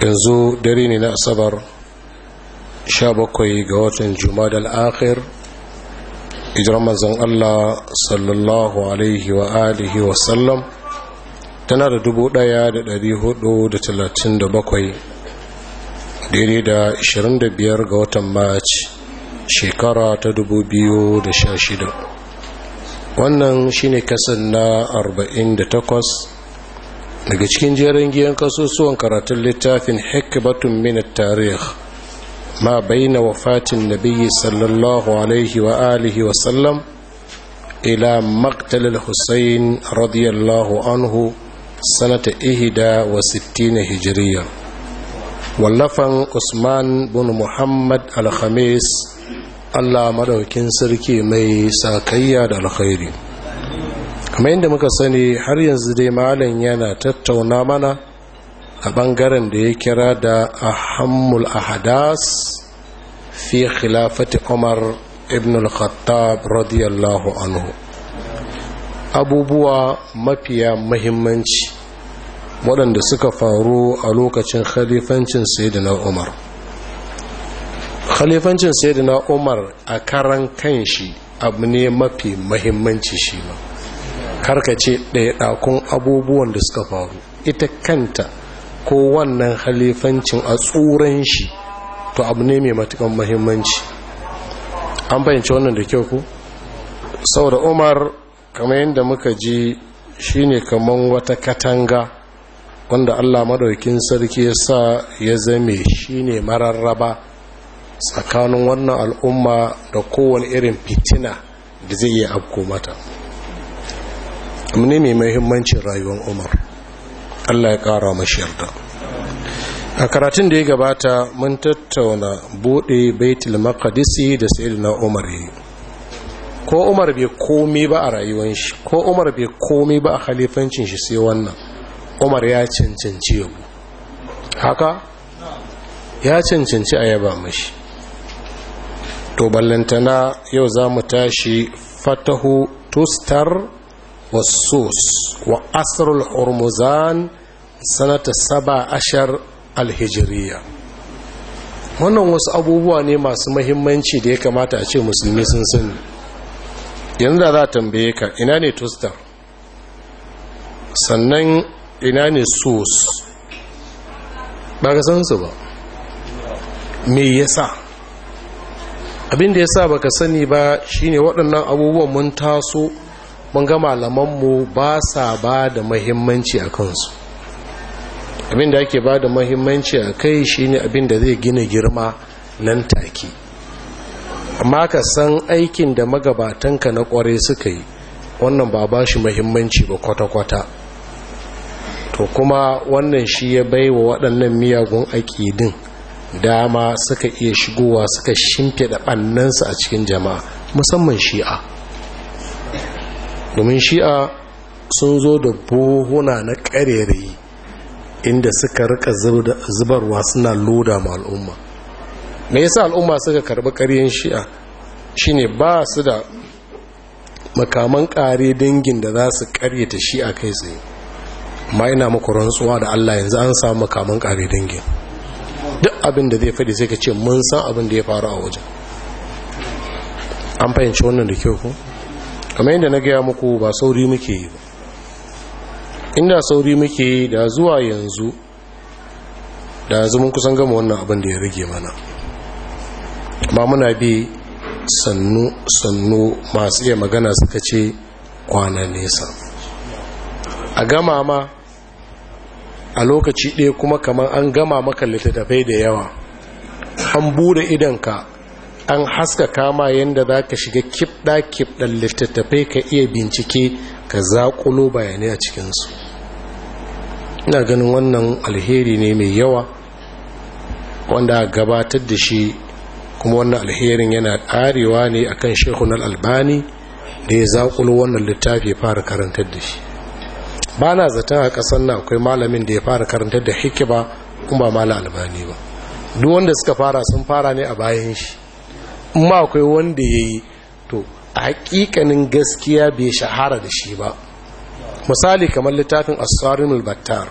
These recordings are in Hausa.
yanzu dare ne na asabar 17 ga watan jumadal akhir ijiran mazan Allah sallallahu alaihi wa alihi wa sallam tana da 1437 daidai da 25 ga watan march shekara ta 2016 wannan shine kasan na 48 daga cikin jerin giyan kasusuwan karatun littafin hikbatun min tarih ma baina wafatin nabiyyi sallallahu alaihi wa alihi wa sallam ila maqtal al-husayn radiyallahu anhu sanata ihda wa sittina hijriya wallafan usman bin muhammad al Allah madaukin sarki mai sakayya da alkhairi kamar yadda muka sani har yanzu dai malam yana tattauna mana a ɓangaren da ya kira da ahammul ahadas fi khilafati umar ibn al-khattab radiyallahu anhu abubuwa mafiya mahimmanci waɗanda suka faru a lokacin khalifancin sayyidina umar khalifancin sayyidina umar a karan kanshi abu ne mafi mahimmanci shi ma karkace ɗakun abubuwan da suka faru ita kanta ko wannan halifancin a tsuran shi to abu ne mai matukan mahimmanci an bayyance wannan da kyau ku sau da umar kamar yadda muka ji shi ne kamar wata katanga wanda allah maɗaukin sarki ya sa ya zame ne mararraba tsakanin wannan al'umma da kowane irin fitina da zai iya abko mata ne mai mahimmancin rayuwar umar allah ya kara mashi yarda a karatun da ya gabata mun tattauna bude baitul Makadisi da sayyidina umar ko umar bai komi ba a rayuwar shi ko umar bai komi ba a halifancin shi sai wannan umar ya cancanci yabo haka ya cancanci a yaba mashi to ballantana yau za mu tashi fatahu tustar والصوص وأسر الحرمزان سنة سبع أشر الهجرية wannan wasu abubuwa ne masu mahimmanci da ya kamata a ce musulmi sun sani yanzu da za a tambaye ka ina ne tustar sannan ina ne sos ba san su ba me yasa abin da yasa baka sani ba shine waɗannan abubuwan mun taso mun ga malamanmu ba sa ba da mahimmanci a kansu abin da ake ba da mahimmanci a kai shine abin da zai gina girma nan take amma ka san aikin da magabatanka na kware suka yi wannan ba ba shi mahimmanci ba kwata-kwata to kuma wannan shi ya baiwa waɗannan miyagun aƙidin dama suka iya shigowa suka shimfiɗa ɓannansu a cikin jama'a musamman shi'a domin shi'a sun zo da buhuna na ƙarerayi inda suka rika zubarwa suna loda ma al'umma me yasa al'umma suka karbi ƙaryen shi'a shine ba su da makaman kare dangin da za su ƙaryata shi'a kai tsaye ma ina muku rantsuwa da allah yanzu an samu makaman kare dangin duk abin da zai faɗi sai ka ce mun san abin da ya faru a wajen an fahimci wannan da kyau ko kamar yadda na gaya muku ba sauri muke yi ba inda sauri muke yi da zuwa yanzu da yanzu mun kusan gama wannan abin da ya rage mana ba muna bi sannu sannu masu iya magana suka ce kwana nesa a gama ma a lokaci ɗaya kuma kamar an gama maka littattafai da yawa an bude idanka an haska kama yadda za ka shiga kibɗa-kibɗan littattafai ka iya bincike ka zaƙulo bayanai a cikinsu ina ganin wannan alheri ne mai yawa wanda gabatar da shi kuma wannan alherin yana ƙarewa ne akan shekunan albani da ya zaƙulo wannan littafi fara karantar da shi ba na zaton a ƙasar na akwai malamin da ya fara karantar da hikima kuma ba mala albani ba duk wanda suka fara sun fara ne a bayan shi ma akwai wanda ya yi to a hakikanin gaskiya bai shahara da shi ba misali kamar littafin asarin albattar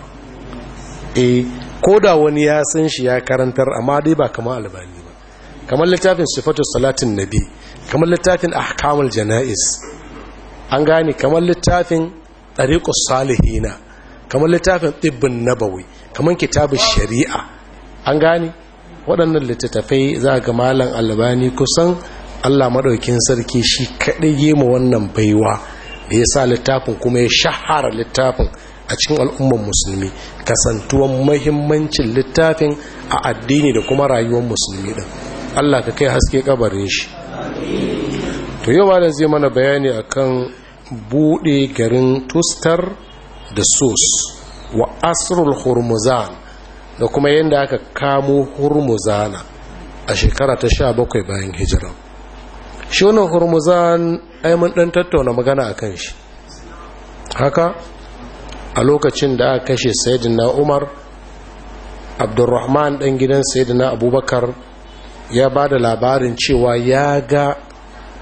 e ko da wani ya san shi ya karantar amma dai ba kamar albani ba kamar littafin sifatu salatin nabi kamar littafin ahkamul jana'is an gane kamar littafin ɗariƙus salihina kamar littafin ɗibbin nabawi kamar kitabin shari'a an gane waɗannan littattafai za ga malam albani kusan allah maɗaukin sarki shi kaɗai yi ma wannan baiwa da ya sa littafin kuma ya shahara littafin a cikin al'ummar musulmi kasantuwan mahimmancin littafin a addini da kuma rayuwar musulmi ɗin allah ka kai haske kabarin shi to yau malam zai mana bayani akan buɗe garin tustar da sos wa asrul hormuzan da kuma yadda aka kamo hurmuzana a shekara ta sha bakwai bayan hijira shi wani hurmuzan aimin ɗan tattauna magana a kan shi haka a lokacin da aka kashe sayidina umar abdurrahman ɗan gidan sayidina abubakar ya ba da labarin cewa ya ga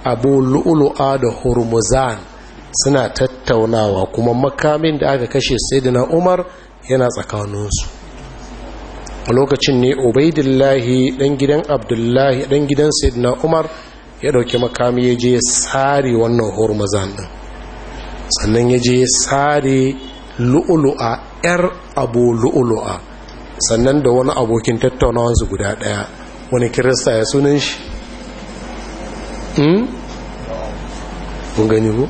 abu lu'ulu'a da hurmuzan suna tattaunawa kuma makamin da aka kashe sayidina umar yana tsakaninsu a lokacin ne ubaidillahi dan gidan abdullahi dan gidan sayyidina umar ya dauki makami ya je ya sare wannan hormazan din sannan ya je ya sare lu'ulu'a yar abu lu'ulu'a sannan da wani abokin tattaunawansu guda daya wani kirista ya sunan shi kun hmm? gani ku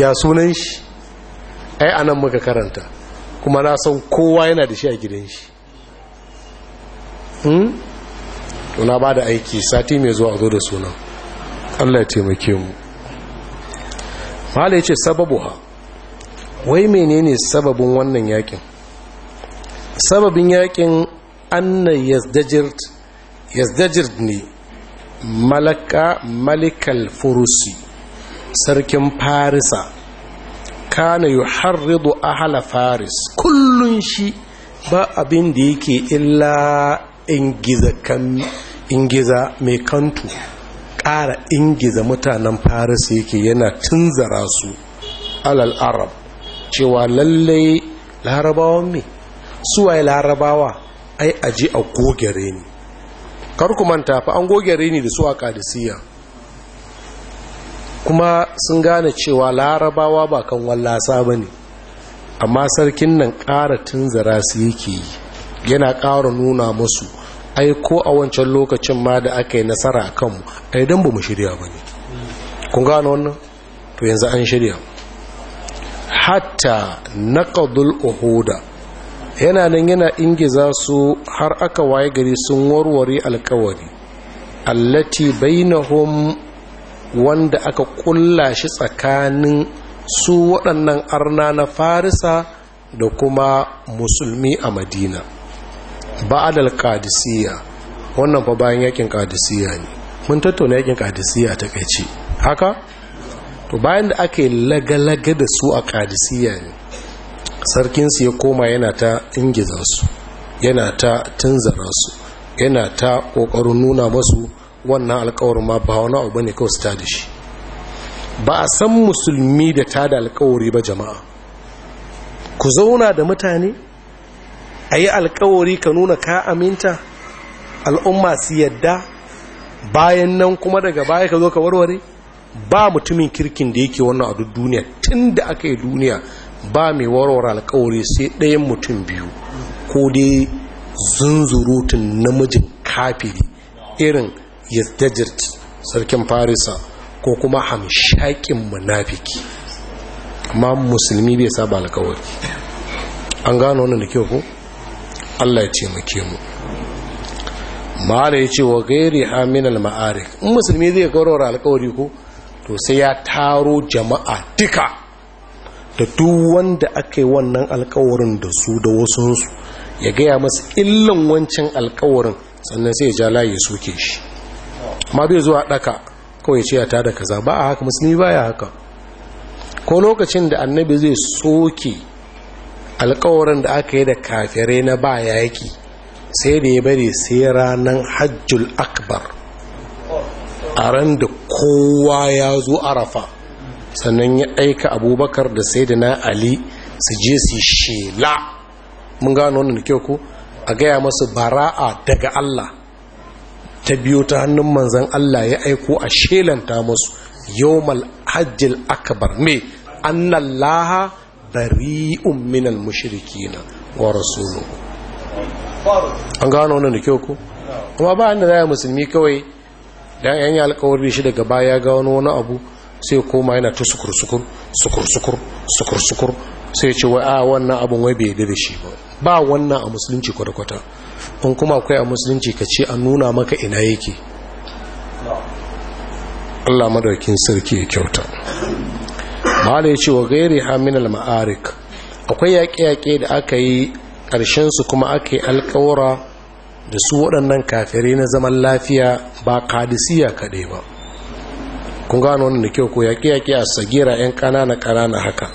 ya sunan shi ai anan muka karanta kuma na san kowa yana da shi a gidan shi hmm tuna ba da aiki sati mai zuwa zo da suna allah ya taimake mu mahala ya ce sababu ha wai menene sababin wannan yakin sababin yakin anna yazdajirt yazdajirt ne malaka malikal furusi sarkin farisa kana yuharridu ahla faris kullun shi ba abin da yake illa ingiza mai kantu ƙara ingiza mutanen faris yake yana tunzara su alal arab cewa lallai larabawan me suwaye larabawa ai aji a gogere ne manta fa an gogere ne da su a kadisiya kuma sun gane cewa larabawa ba kan wallasa ba ne amma sarkin nan ƙara tunzara su yake yi yana ƙara nuna musu ai ko a wancan lokacin ma da aka yi nasara a kanmu ai idan ba mu shirya ba ne kun gano wannan to yanzu an shirya hatta ƙadul Ohoda, yana nan yana ingiza su har aka waye gari sun warware alkawari allati bainahum wanda aka kulla shi tsakanin su waɗannan arna na farisa da kuma musulmi a madina ba'adal qadisiyya wannan fa bayan yakin qadisiyya ne mun tattauna yakin qadisiyya ta kaice haka to bayan da aka yi lagalaga da su a qadisiyya ne sarkin su ya koma yana ta ingiza su yana ta tunzara su yana ta kokarin nuna masu wannan alƙawarin ma ba wani abu ne kawai su ta da shi ba a san musulmi da ta da alƙawari ba jama'a ku zauna da mutane a yi alkawari ka nuna ka aminta al'umma su yadda bayan nan kuma daga baya ka zo ka warware ba mutumin kirkin da yake wannan a duk duniya tun da aka yi duniya ba mai warware alkawari sai ɗayan mutum biyu ko dai zunzurutun namijin kafiri irin yazdajir sarkin farisa ko kuma hamshakin munafiki amma musulmi bai saba alkawari an gano wannan da kyau ko Allah ya taimake mu mala ya ce wa gairi aminal ma'arik in musulmi zai gaurara alkawari ko to sai ya taro jama'a duka da duk wanda aka yi wannan alkawarin da su da wasunsu ya gaya masu illan wancan alkawarin sannan sai ya ja layi suke shi amma bai zuwa daka kawai ce ya da kaza ba a haka musulmi baya haka ko lokacin da annabi zai soke alkawarin da aka yi da kafirai na ba yaki sai da ya bari sai ranar hajjul akbar a ran da kowa ya zo arafa sannan ya aika abubakar da sai na ali su je su shela mun gano wannan kyau ko a gaya masu bara'a daga allah ta biyo ta hannun manzan allah ya aiko a shelanta masu yawmal hajjil akbar annan laha bari'un minal na wa an gano nan da kyau ko kuma ba inda zai musulmi kawai dan yan alƙawari shi daga baya ga wani wani abu sai koma yana ta sukur sukur sukur sukur sukur sukur sai ce wai a ah, wannan abun wai bai da shi ba ba wannan a musulunci kwata-kwata in kuma akwai a musulunci ka ce an nuna maka ina yake Allah madaukin sarki ya kyauta mala ya ce wa gairi haminal ma'arik akwai yaƙe-yaƙe da aka yi ƙarshensu kuma aka yi alƙawura da su waɗannan kafirai na zaman lafiya ba kadisiya kaɗai ba kun gano wannan da kyau ko yaƙe-yaƙe a sagira 'yan ƙanana-ƙanana haka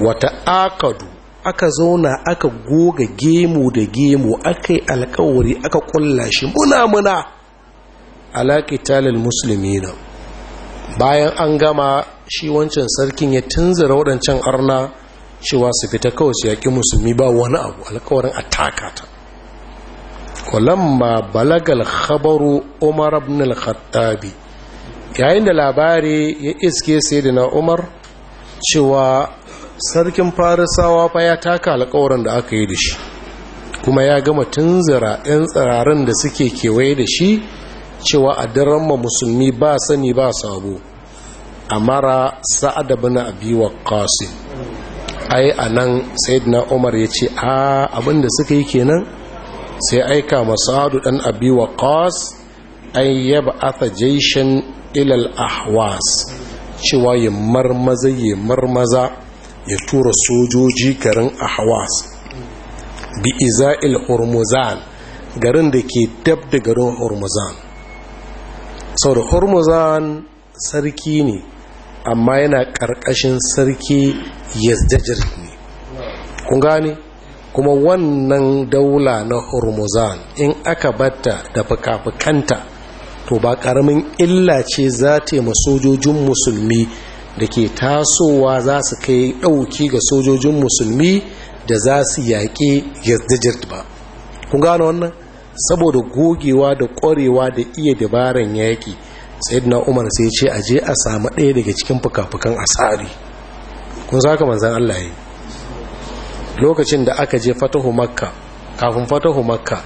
wata akadu aka zauna aka goga gemu da gemu aka yi alkawari aka ƙulla shi muna-muna alaƙitalin musulmi na bayan an gama shi wancan sarkin ya tunzara waɗancan arna cewa su fita kawai su yaƙi musulmi ba wani abu alkawarin a takata kulamma balagal khabaru umar ibn al-khattabi yayin da labari ya iske sai na umar cewa sarkin farisawa fa ya taka alkawarin da aka yi da shi kuma ya gama tunzara 'yan tsirarin da suke kewaye da shi cewa a daren ma musulmi ba sani ba sabo amara sa'ad bin abi waqqas ai anan sayyidina umar yace a abinda suka yi kenan sai aika masadu dan abi waqqas ay yab'atha jayshan ila al-ahwas cewa ya marmaza ya marmaza ya tura sojoji garin ahwas bi iza'il hormuzan garin da ke dab da garin hormuzan sau da hormuzan sarki ne amma yana ƙarƙashin sarki yazdajir ne kun gane kuma wannan daula na hormuzan in aka batta da fuka-fukanta to ba ƙaramin illa ce za ta yi sojojin musulmi da ke tasowa za su kai ɗauki ga sojojin musulmi da za su yaƙi yazdajir ba kun gane wannan saboda gogewa da ƙwarewa da iya dabaran yaƙi sayyidina umar sai ce a je a samu ɗaya daga cikin fuka-fukan asari kun saka manzan Allah yi lokacin da aka je fatahu makka kafin fatahu makka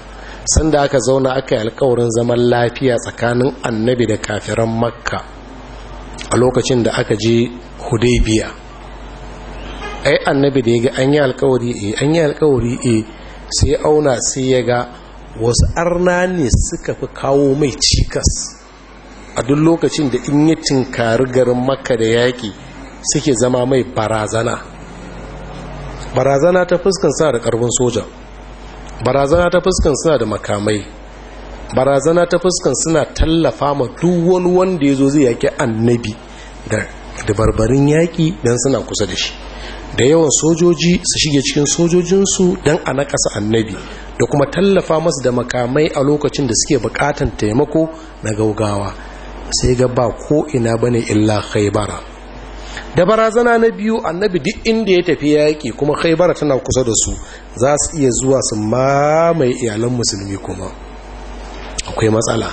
sanda aka zauna aka yi alkawarin zaman lafiya tsakanin annabi da kafiran makka a lokacin da aka je hudaybiya ai annabi da ya ga an yi alkawari eh an yi alkawari eh sai auna sai ya ga wasu arna ne suka fi kawo mai cikas a duk lokacin da in yi tinkari garin makka da yaƙi suke zama mai barazana barazana ta fuskan suna da ƙarfin soja barazana ta fuskan suna da makamai barazana ta fuskan suna tallafa ma duk wani wanda ya zo zai yaƙi annabi da dabarbarin yaƙi don suna kusa da shi da yawan sojoji su shige cikin sojojinsu don a naƙasa annabi da kuma tallafa masu da makamai a lokacin da suke buƙatan taimako na gaugawa sai ga ba ko ina bane illa khaybara da barazana na biyu annabi duk inda ya tafi yaki kuma khaybara tana kusa da su za su iya zuwa su mamaye iyalan musulmi kuma akwai matsala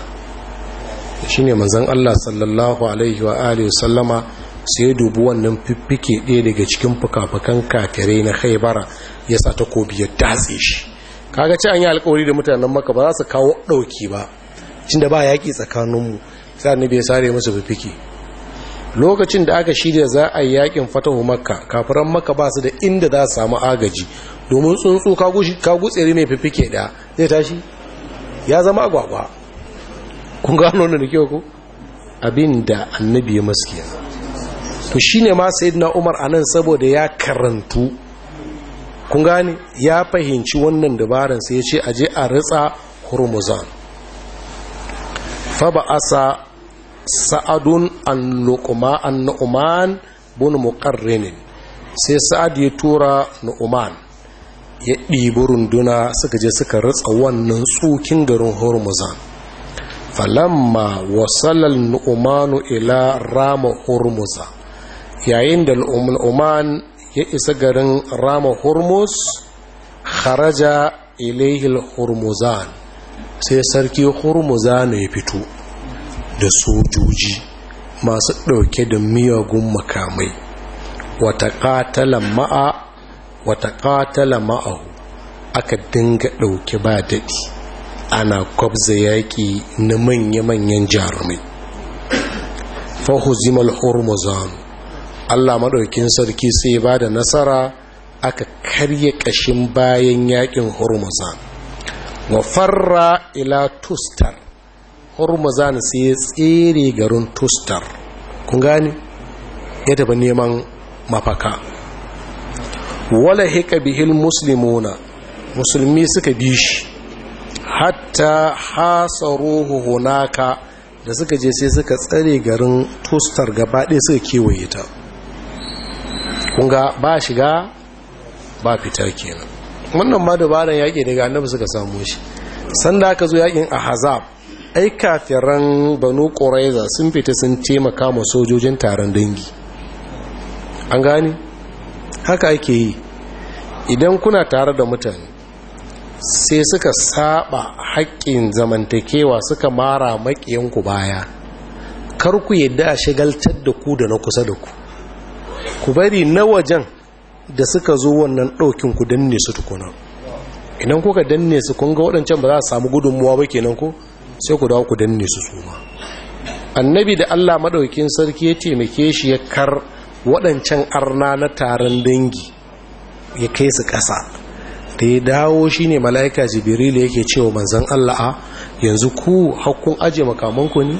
shine manzon Allah sallallahu alaihi wa alihi sallama sai dubu wannan fiffike ɗaya daga cikin fuka-fukan kafirai na haibara yasa ta ya datse shi kaga ci an yi alkawari da mutanen maka ba za su kawo ɗauki ba da ba yaƙi tsakaninmu sai annabi ya sare musu fifiki lokacin da aka shirya za a yi yakin fatahu makka kafiran makka ba su da inda za su samu agaji domin tsuntsu ka gutsere mai fifike da zai tashi ya zama agwagwa kun gano da kyau ku abin annabi ya maskiya to shine ma sayyidina umar anan saboda ya karantu kun gane ya fahimci wannan dabaran sai ya ce aje a ritsa hurmuzan fa ba asa sa'adun an luquma an bin muqarrin sai sa'ad ya tura nu'uman. ya ɗibi runduna suka je suka ritsa wannan tsukin garin hormuzan falamma wasalal nu'umanu ila rama hormuza yayin da nu'uman ya isa garin rama hormuz kharaja ilaihil hormuzan sai sarki hormuzan ya fito da sojoji masu ɗauke da miyagun makamai wata ƙatala ma'a wata ma'ahu aka dinga ɗauke ba daɗi ana kwabza yaƙi na manya-manyan jarumai fahuzimal hormuzan allah maɗaukin sarki sai ba da nasara aka karya ƙashin bayan yaƙin hormuzan wa farra ila tustar hormuzan sai ya tsere garin tustar kun gani ya taba neman mafaka wala haka bihil muslimuna musulmi suka bi shi hatta hasaruhu hunaka da suka je sai suka tsare garin gaba gabaɗe suka kewaye ta kunga ba shiga ba fita kenan wannan ma dubaran yaƙi daga annabi suka samu shi sanda ka zo yaƙin ahazab ai kafiran banu ƙoraiza sun fita sun taimaka ma sojojin taron dangi an gani haka ake yi idan kuna tare da mutane sai suka saba haƙƙin zamantakewa suka mara maƙiyanku baya kar ku yadda a shigaltar da ku da na kusa da ku ku bari na wajen da suka zo wannan ɗaukin ku danne su tukuna idan kuka danne su kun ga waɗancan ba za a samu gudunmuwa ba kenan ko sai ku dawo ku danne su suma annabi da Allah maɗaukin sarki ya taimake shi ya kar waɗancan arna na taron dangi ya kai su ƙasa da ya dawo shine mala'ika jibiril yake cewa manzan Allah a yanzu ku hakkun aje makamanku ne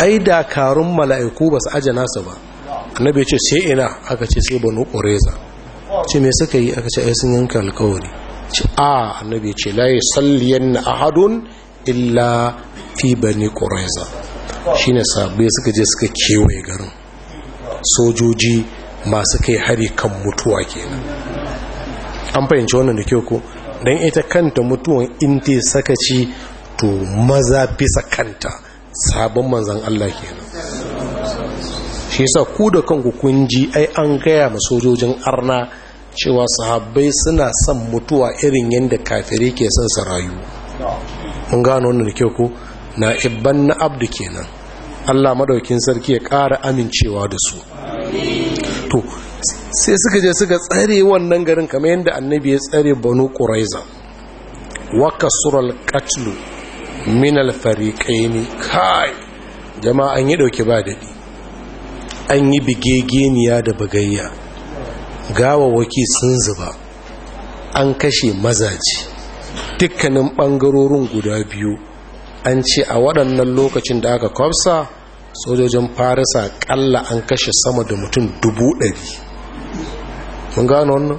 ai da karun mala'iku ba su aje nasu ba annabi ya ce sai ina aka ce sai banu qureza ce me suka yi aka ce ai sun yanka alkawari ce a annabi ya ce la yusalliyanna ahadun illa fi bani shi shine sabbai suka je suka kewaye garin sojoji masu kai hari kan mutuwa kenan an fahimci wannan da kyau ko don ita kanta mutuwan in te ci to maza bisa kanta sabon manzan Allah kenan shi yasa ku da kanku kun ji ai an gaya ma sojojin arna cewa sahabbai suna son mutuwa irin yadda kafirai ke son su rayu Kun gano wannan da kyau ku na ibban na abdu kenan Allah madaukin sarki ya ƙara amincewa da su to sai suka je suka tsare wannan garin kamar yadda annabi ya tsare banu quraiza wa kasural qatlu min al fariqain kai jama'a an yi dauke ba dadi an yi bigegeniya da bagayya waki sun zuba an kashe mazaji dukkanin ɓangarorin guda biyu an ce a waɗannan lokacin da aka kwafsa sojojin farisa ƙalla an kashe sama da mutum dubu ɗari mun gano wannan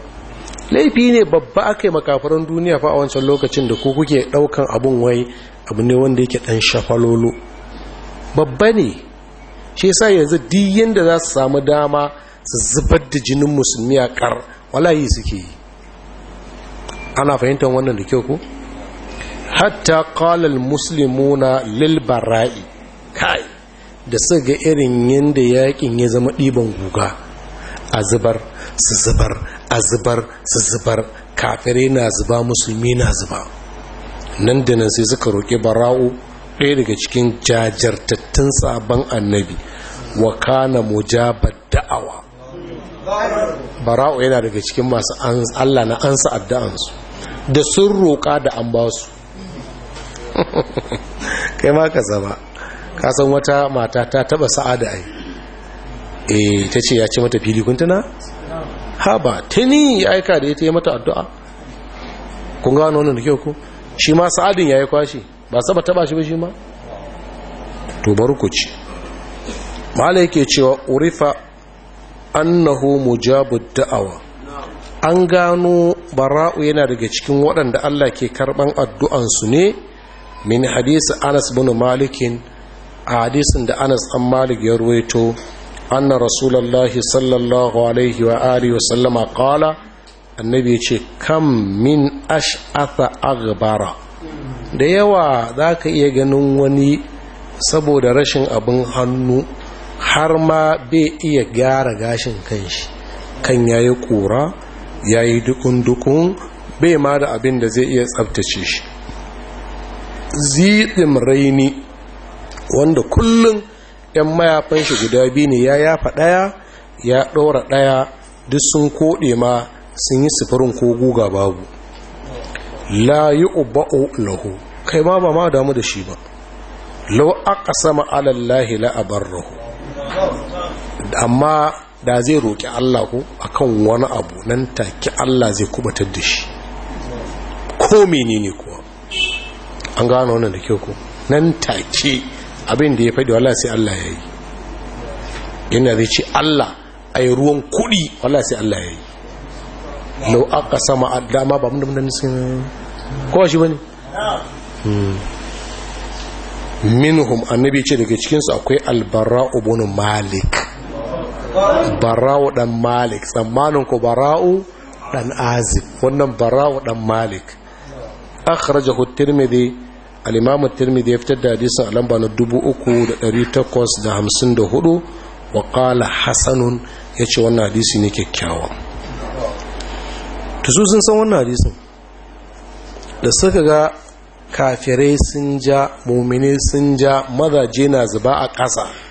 laifi ne babba aka yi makafaran duniya fa a wancan lokacin da ku kuke ɗaukan abun wai abu ne wanda yake ɗan shafalolo babba ne shi sa yanzu duk da za su samu dama su zubar da jinin musulmi a ƙar walayi suke yi ana fahimtar wannan da kyau ko hatta qalal muslimuna lil bara'i kai da su ga irin yanda yakin ya zama ɗiban guga a zubar su zubar a zubar su zubar kafirai na zuba musulmi na zuba nan da nan sai suka roƙi bara'u ɗaya daga cikin jajirtattun sabon annabi wa kana mujabar da'awa bara'u yana daga cikin masu Allah na ansa addu'ansu da sun roƙa da an ba su kai ma ka zama kasan wata mata ta taba sa'ada ai eh ta ce ya ce mata fili kuntuna haba tuni ya aika da ita ya mata addu'a kun gano wannan da kyau ku shi ma sa'adin ya yi kwashi ba saba taba shi ba shi ma to bar ku ci mala yake cewa urifa annahu mujabud da'awa an gano bara'u yana daga cikin waɗanda Allah ke karɓan addu'ansu ne min hadisi anas bin malikin a hadisin da anas an malik ya ruwaito anna rasulallah sallallahu alaihi wa alihi wasallama kala annabi ce kam min ash'atha agbara da yawa za ka iya ganin wani saboda rashin abin hannu har ma bai iya gyara gashin kanshi kan yayi kura ya yi dukun-dukun bai ma da abin da zai iya tsabtace shi ziɗin raini wanda kullum 'yan mayafan shi guda biyu ne ya yafa ɗaya ya ɗora ɗaya duk sun koɗe ma sun yi sufurin ko guga babu la yi uba'o lahu kai ma ba ma damu da shi ba lau aka sama alallahi la'abar rahu amma da zai roƙi Allah ko akan wani abu nan take Allah zai kubatar da shi ko menene kuwa an gano wannan da kyau ko nan take abin da ya faɗi wallahi sai Allah ya yi yana zai ce Allah ai ruwan kuɗi wallahi sai Allah ya yi lau aka sama dama ba mun da mun sun kowa shi bane hmm. minhum annabi ce daga cikinsu akwai albara ibn malik bara'u dan malik tsammanin ku bara'u dan azib wannan bara'u dan malik akhrajahu at-tirmidhi al-imam at-tirmidhi ya fitar da hadisin a lamba na 3854 wa qala hasanun yace wannan hadisi ne kyakkyawa to su sun san wannan hadisin da suka ga kafirai sun ja mumini sun ja mazaje na zuba a ƙasa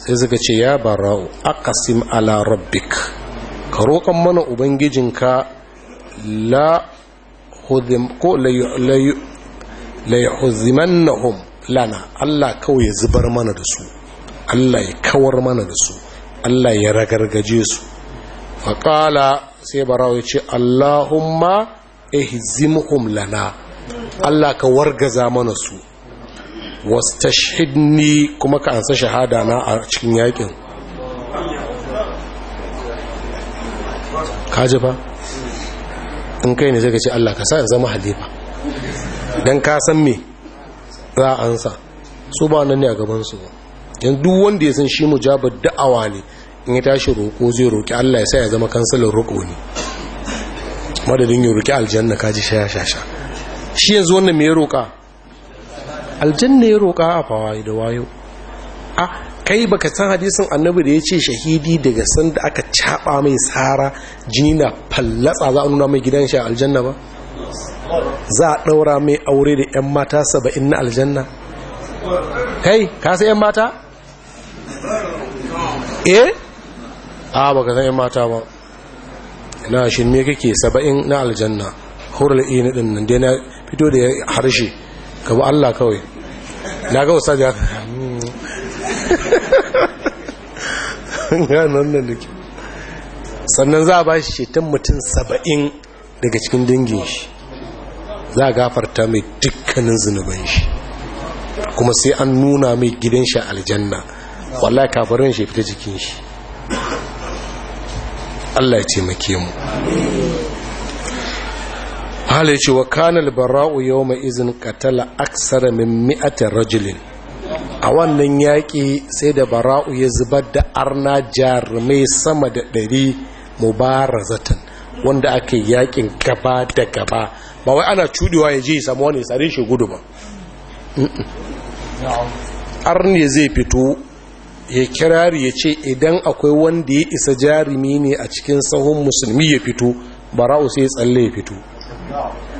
sai suka ce ya bara'u akasim ala rabbik ka roƙon mana ubangijinka la hudhim ko la yuhzimannahum lana Allah kawai ya zubar mana da su Allah ya kawar mana da su Allah ya ragargaje su faƙala sai bara'u ya ce Allahumma ihzimhum lana Allah ka wargaza mana su wastashhidni kuma ka ansa shahada na a cikin yakin kaji ba in kai ne zai gaci Allah ka sa in zama halifa dan ka san me za a ansa su ba nan ne a gaban su yan duk wanda ya san shi mujabar da'awa ne in ya tashi roko zai roƙi Allah ya sa ya zama kansalin roko ne madadin ya roƙi aljanna kaji shaya shasha shi yanzu wannan me ya roƙa aljanna ya roƙa a fawaye da wayo a kai baka san hadisin annabi da ya ce shahidi daga san da aka caɓa mai tsara jini na fallatsa za a nuna mai gidan shi a aljanna ba za a ɗaura mai aure da 'yan mata saba'in na aljanna kai ka san 'yan mata? eh? a baka san 'yan mata ba na shi ne kake saba'in na aljanna hurul ini ɗin nan dai na fito da harshe ka bi Allah kawai na ga wasa da nan da ke sannan za a ba shi shetan mutum saba'in daga cikin dangin shi za a gafarta mai dukkanin zunuban shi kuma sai an nuna mai gidan shi aljanna wallahi kafirin shi fita jikin shi Allah ya ce mu hala ce wa kanal bara'u yau mai izin katala aksara min mi'atar rajulin a wannan yaƙi sai da bara'u ya zubar da arna jarumai sama da ɗari mubarazatan wanda ake yaƙin gaba da gaba ba wai ana cudewa ya ji samu wani tsari shi gudu ba arne zai fito ya kirari ya ce idan akwai wanda ya isa jarumi ne a cikin sahun musulmi ya fito bara'u sai tsalle ya fito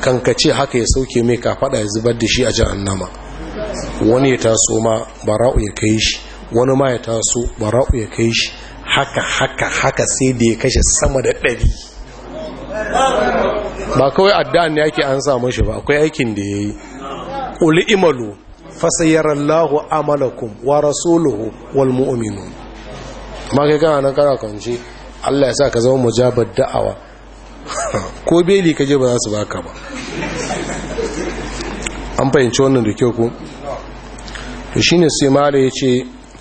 kankace haka ya sauke mai kafaɗa ya zubar da shi a Nama. wani ya taso ma bara'u ya kai shi wani ma ya taso bara'u ya kai shi haka haka haka sai da ya kashe sama da ɗari ba kawai addu'an ne ake an samu shi ba akwai aikin da ya yi ƙuli imalu fasayarallahu amalakum wa rasuluhu wal mu'minun ma kai kana nan kana kwanci Allah ya sa ka zama mujabar da'awa ko beli kaje ba za su baka ba an fahimci wannan da kyau ku. to shine sai ya yace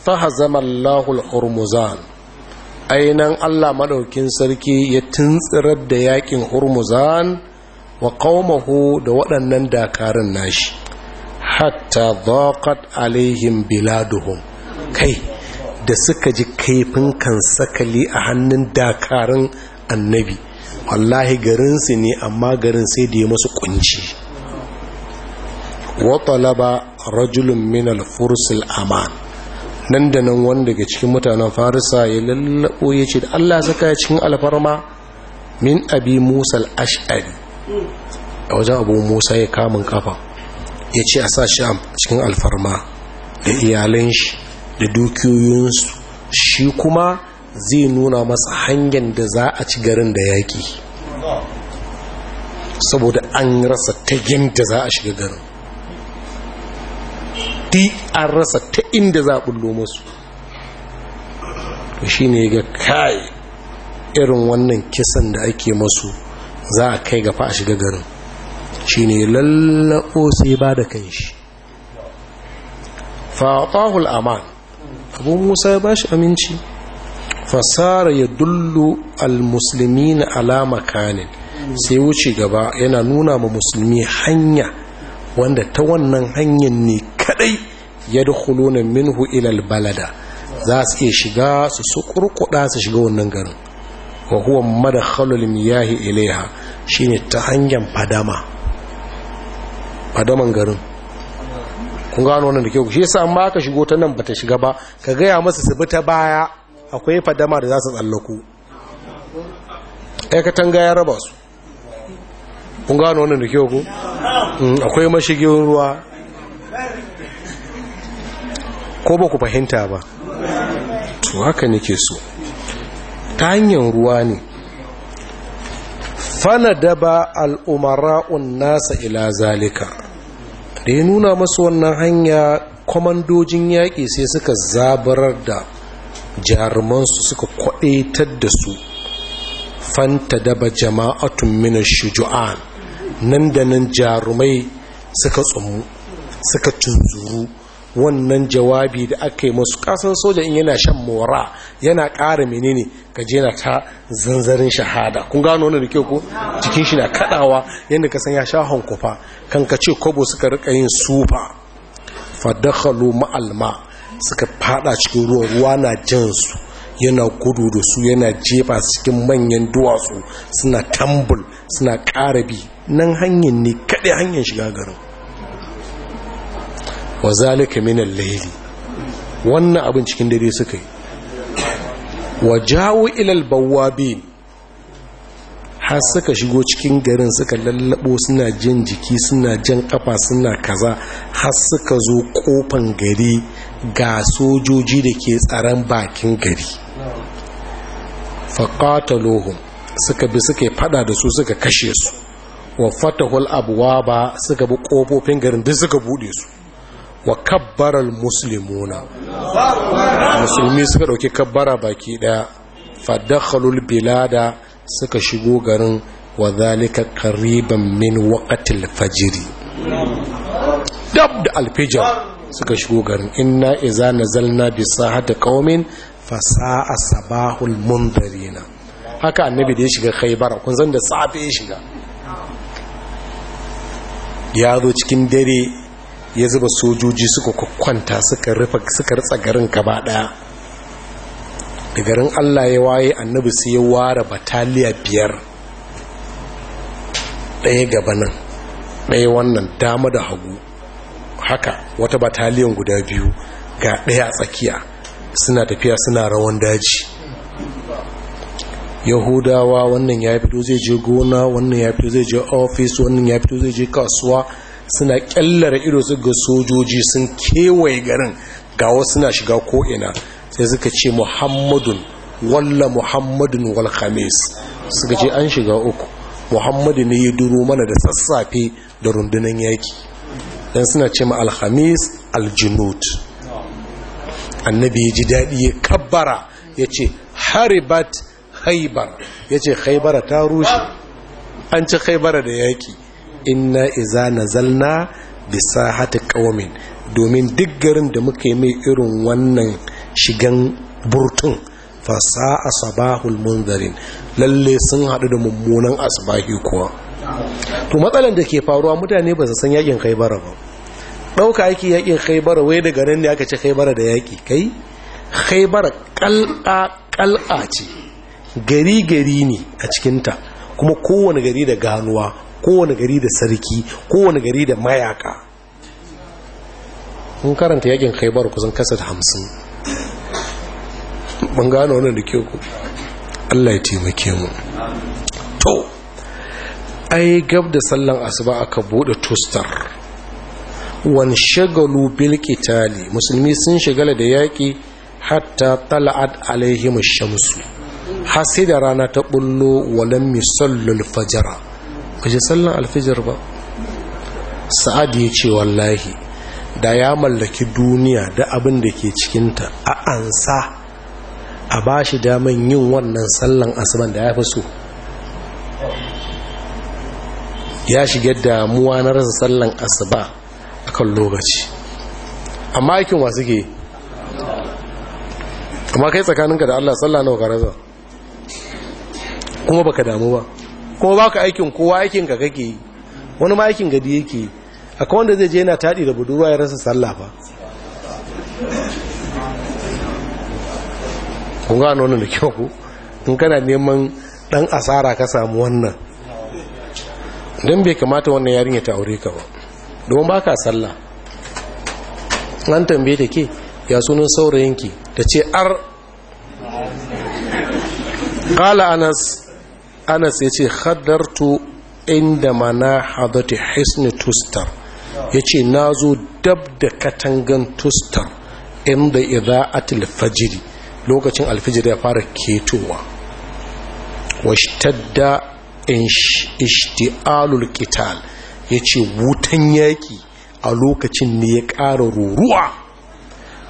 fa hazamallahu al-hurmuzan ainan Allah maɗaukin sarki ya tuntsirar da yakin hurmuzan wa qaumahu da waɗannan dakarun nashi hatta dhaqat alaihim biladuhum kai da suka ji kaifin kan sakali a hannun dakarun annabi wallahi garinsu ne amma garin sai da yi masu kunci watalaba rajulun minal fursil aman nan da nan wani daga cikin mutanen farisa ya lallabo ya ce da allah saka ya cikin alfarma min abi musa ash'ari a wajen abu musa ya kamun kafa ya ce a sa shi a cikin alfarma da iyalan shi da dukiyoyinsu shi kuma zai nuna masa hanyar da za a ci garin da yaƙi saboda an rasa ta yadda za a shiga garin ti an rasa ta inda za a bullo masu shi ne ga kai irin wannan kisan da ake masu za a kai gafa a shiga garin shi ne lallabo sai ba da kan shi fa'atahul aman abu musa ya ba shi aminci fasara ya المسلمين على مكان alama kanin sai wuce gaba yana nuna ma musulmi hanya wanda ta wannan hanyar ne kadai ya dukkulunan minhu ilal balada za su iya shiga su su kurkuda su shiga wannan garin wa huwa madakhalul miyahi ilaiha shine ta hanyar fadama fadaman garin kun gano wannan da kyau shi yasa amma ka shigo ta nan bata shiga ba ka gaya masa su bi ta baya akwai fadama da za su tsallaku aikatan ya raba su kun gano wannan da kyau ku mm, akwai mashigin ruwa ko ba ku fahimta ba to haka nake so ta hanyar ruwa ne Fana da fanadaba al'umara'un nasa ila zalika da ya nuna masu wannan hanya kwamandojin yaƙi sai suka zabarar da jarumansu suka kwaɗetar da su fanta daba jama'atun mina shuju'an nan da nan jarumai suka tsumu suka tunzuru wannan jawabi da aka yi masu kasan soja in yana shan mora yana ƙara menene ka na ta zanzarin shahada kun gano wani da ke ko jikin shi na kadawa yadda ka san ya sha hankufa kan ka ce kobo suka rika yin sufa fadakhalu ma'alma suka fada cikin ruwa ruwa na jansu yana gudu da su yana jefa cikin manyan duwatsu suna tambul suna karabi nan hanyar ne kaɗai hanyar shiga garin wa zalika min al-layli wannan abin cikin dare suka yi wa ila ilal bawabin har suka shigo cikin garin suka lallabo suna jin jiki suna jan kafa suna kaza har suka zo kofan gari ga sojoji da ke tsaron bakin gari lohun suka bi suka fada da su suka kashe su wa fatahul abuwa ba suka bi ƙofofin garin duk suka buɗe su wa kabbaral musulmuna musulmi suka ɗauki kabbara baki ɗaya fadakhalul bilada suka shigo garin wa zalika qariban min waqtil fajiri. dab da alfijar suka shigo garin inna iza nazalna bi sahati qaumin sa'a sabahul na. haka annabi da ya shiga khaybar kun san da safe ya shiga ya zo cikin dare ya zuba sojoji suka kwanta suka rufa suka ritsa garin gaba daya da garin Allah ya waye annabi sai ya ware bataliya biyar ɗaya gaba nan ɗaya wannan dama da hagu haka wata bataliyan guda biyu ga ɗaya tsakiya suna tafiya suna rawan daji yahudawa wannan ya fito zai je gona wannan ya fito zai je ofis wannan ya fito zai je kasuwa suna kyallara ido su ga sojoji sun kewaye garin ga wasu suna shiga ko'ina sai suka ce muhammadun walla muhammadun wal khamis suka ce an shiga uku muhammadu ne ya duro mana da sassafe da rundunan yaki dan suna ce ma alhamis aljunud annabi ya ji daɗi ya kabbara ya ce haribat haibar ya ce haibara ta rushe an ci haibara da yaki inna iza zalna bisa hata kawamin domin duk garin da muka yi mai irin wannan shigan burtun fasa a sabahul munzarin lalle sun hadu da mummunan asbahi kuwa to matsalan da ke faruwa mutane ba su san yakin khaibara ba ɗauka ake yakin khaibara wai daga nan ne aka ce khaibara da yaki kai qal'a qal'a ce gari gari ne a cikin ta kuma kowane gari da ganuwa kowane gari da sarki kowane gari da mayaka mun karanta yakin khaibar kusan kasar hamsin ban gano wannan da kyau Allah ya taimake mu to ai gab da sallan asuba aka bude tostar wan shagalu bil qitali musulmi sun shagala da yaki hatta tala'at alaihim shamsu hasi da rana ta bullo walam misallul fajr kaje sallan alfijir ba sa'ad ya ce wallahi da ya mallaki duniya da abin da ke cikinta a ansa a ba shi daman yin wannan sallan asuban da ya fi so ya shiga damuwa na rasa sallan asuba a kan lokaci amma aikin wasu ke amma kai tsakaninka da allah sallah nawa karaza kuma baka damu ba kuma baka aikin kowa aikinka kake yi wani ma aikin gadi yake akwai wanda zai je yana taɗi da budurwa ya rasa sallah ba kun gano da kyau ku in kana neman dan asara ka samu wannan dan bai kamata wannan yarinya ta aure ka ba don ba ka sallah an tambaye take ke ya sunan saurayinki ta ce ar kala anas anas ya ce haddartu inda mana hadati hisni tustar yace ce na zo dab da katangan tustar inda ida'atul fajiri lokacin alfijir ya fara ketowa washtadda ishti'alul qital yace wutan yaki a lokacin ne ya ƙara ruruwa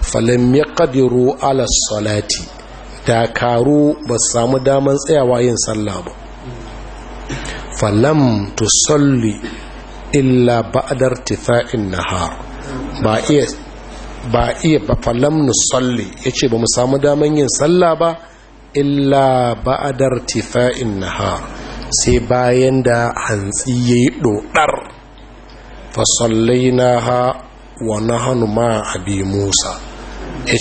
falam ƙadiru ala salati dakaru ba samu daman tsayawa yin sallah ba falam tusalli illa ba'dar tifa'in nahar ba iya ba iya ba falam nusalli ce ba mu samu daman yin sallah ba illa ba'dar tifa'in nahar sai bayan da hantsi yayi dodar na ha wa hannu ma abi musa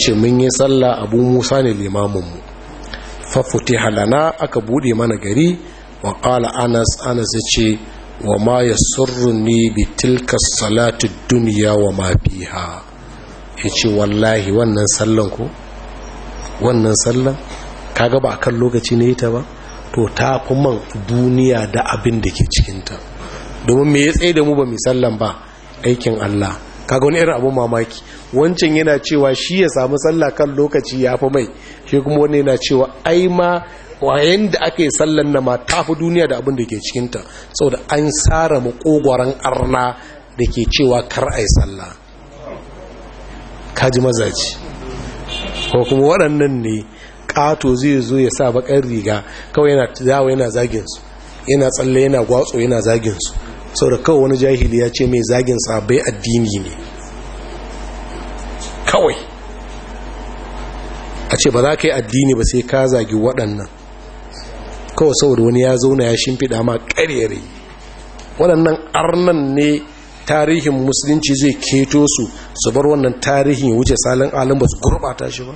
ce mun yi sallah abu musa ne limamin mu halana aka buɗe mana gari wa qala anas anas ce wa ma yasurruni bi tilka salatu duniya wa ma ha. ya ce wallahi wannan sallan ko wannan sallan kaga ba kan lokaci ne ita ba to ta fi man duniya da abin da ke cikinta domin me ya tsaye da mu ba sallan ba aikin Allah kaga wani irin abu mamaki wancan yana cewa shi ya samu sallah kan lokaci ya fi mai shi kuma wani yana cewa ai ma wayan da aka yi sallan na ma ta fi duniya da abin da ke cikinta saboda an tsara makogwaron arna da ke cewa kar a yi sallah kaji mazaji ko kuma waɗannan ne ƙato zai zo ya sa baƙar riga kawai yana zawo yana zaginsu yana tsalle yana gwatso yana zaginsu sau da kawai wani jahili ya ce mai zagin bai addini ne kawai a ce ba za ka yi addini ba sai ka zagi waɗannan kawai saboda wani ya zauna ya shimfiɗa ma ƙarere waɗannan arnan ne tarihin musulunci zai keto su su bar wannan tarihin wuce salin alin ba su gurbata shi ba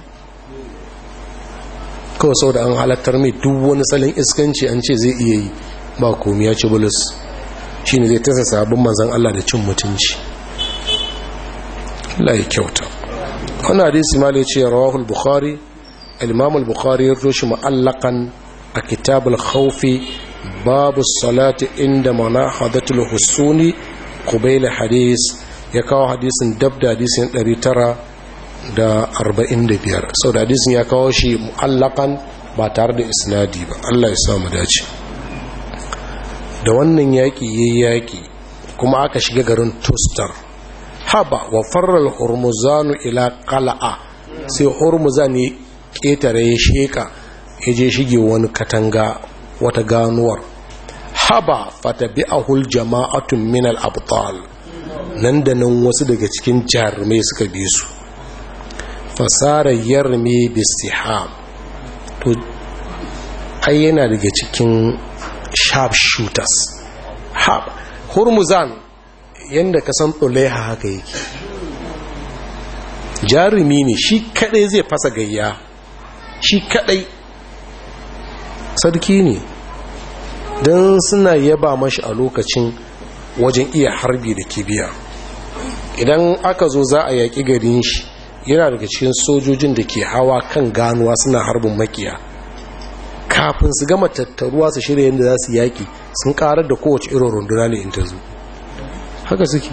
kawai sau da an halattar mai duk wani salin iskanci an ce zai iya yi ba komi ya ci bulus shi ne zai tasa sabon manzan Allah da cin mutunci layi kyauta wani hadisi ya ce rawahul bukhari al bukhari ya roshi mu'allakan a kitabul khaufi babu salati inda mana hadatul husuni kubaila hadis ya kawo hadisin dab da hadisin 945 sau da hadisin ya kawo shi mu'allakan ba tare da isnadi ba Allah ya samu dace da wannan yaƙi ya yaƙi kuma aka shiga garin tustar haba wa farar hormuzanu ila kala'a sai hormuzan ya ƙetare ya sheka ya je shige wani katanga wata ganuwar haba bi a hul jama'atun minal al-abtal nan da nan wasu daga cikin jarumai suka bi su fasara yarmi bistiham to ai yana daga cikin sharp shooters haba hurmuzan yadda ka san tsuleha haka yake jarumi ne shi kadai zai fasa gayya shi kadai sarki ne don suna yaba mashi a lokacin wajen iya harbi da kibiya idan aka zo za a yaƙi garin shi yana daga cikin sojojin da ke hawa kan ganuwa suna harbin makiya kafin su gama tattaruwa su shirya yadda za su yaƙi sun ƙarar da kowace irin runduna ne in ta zo haka suke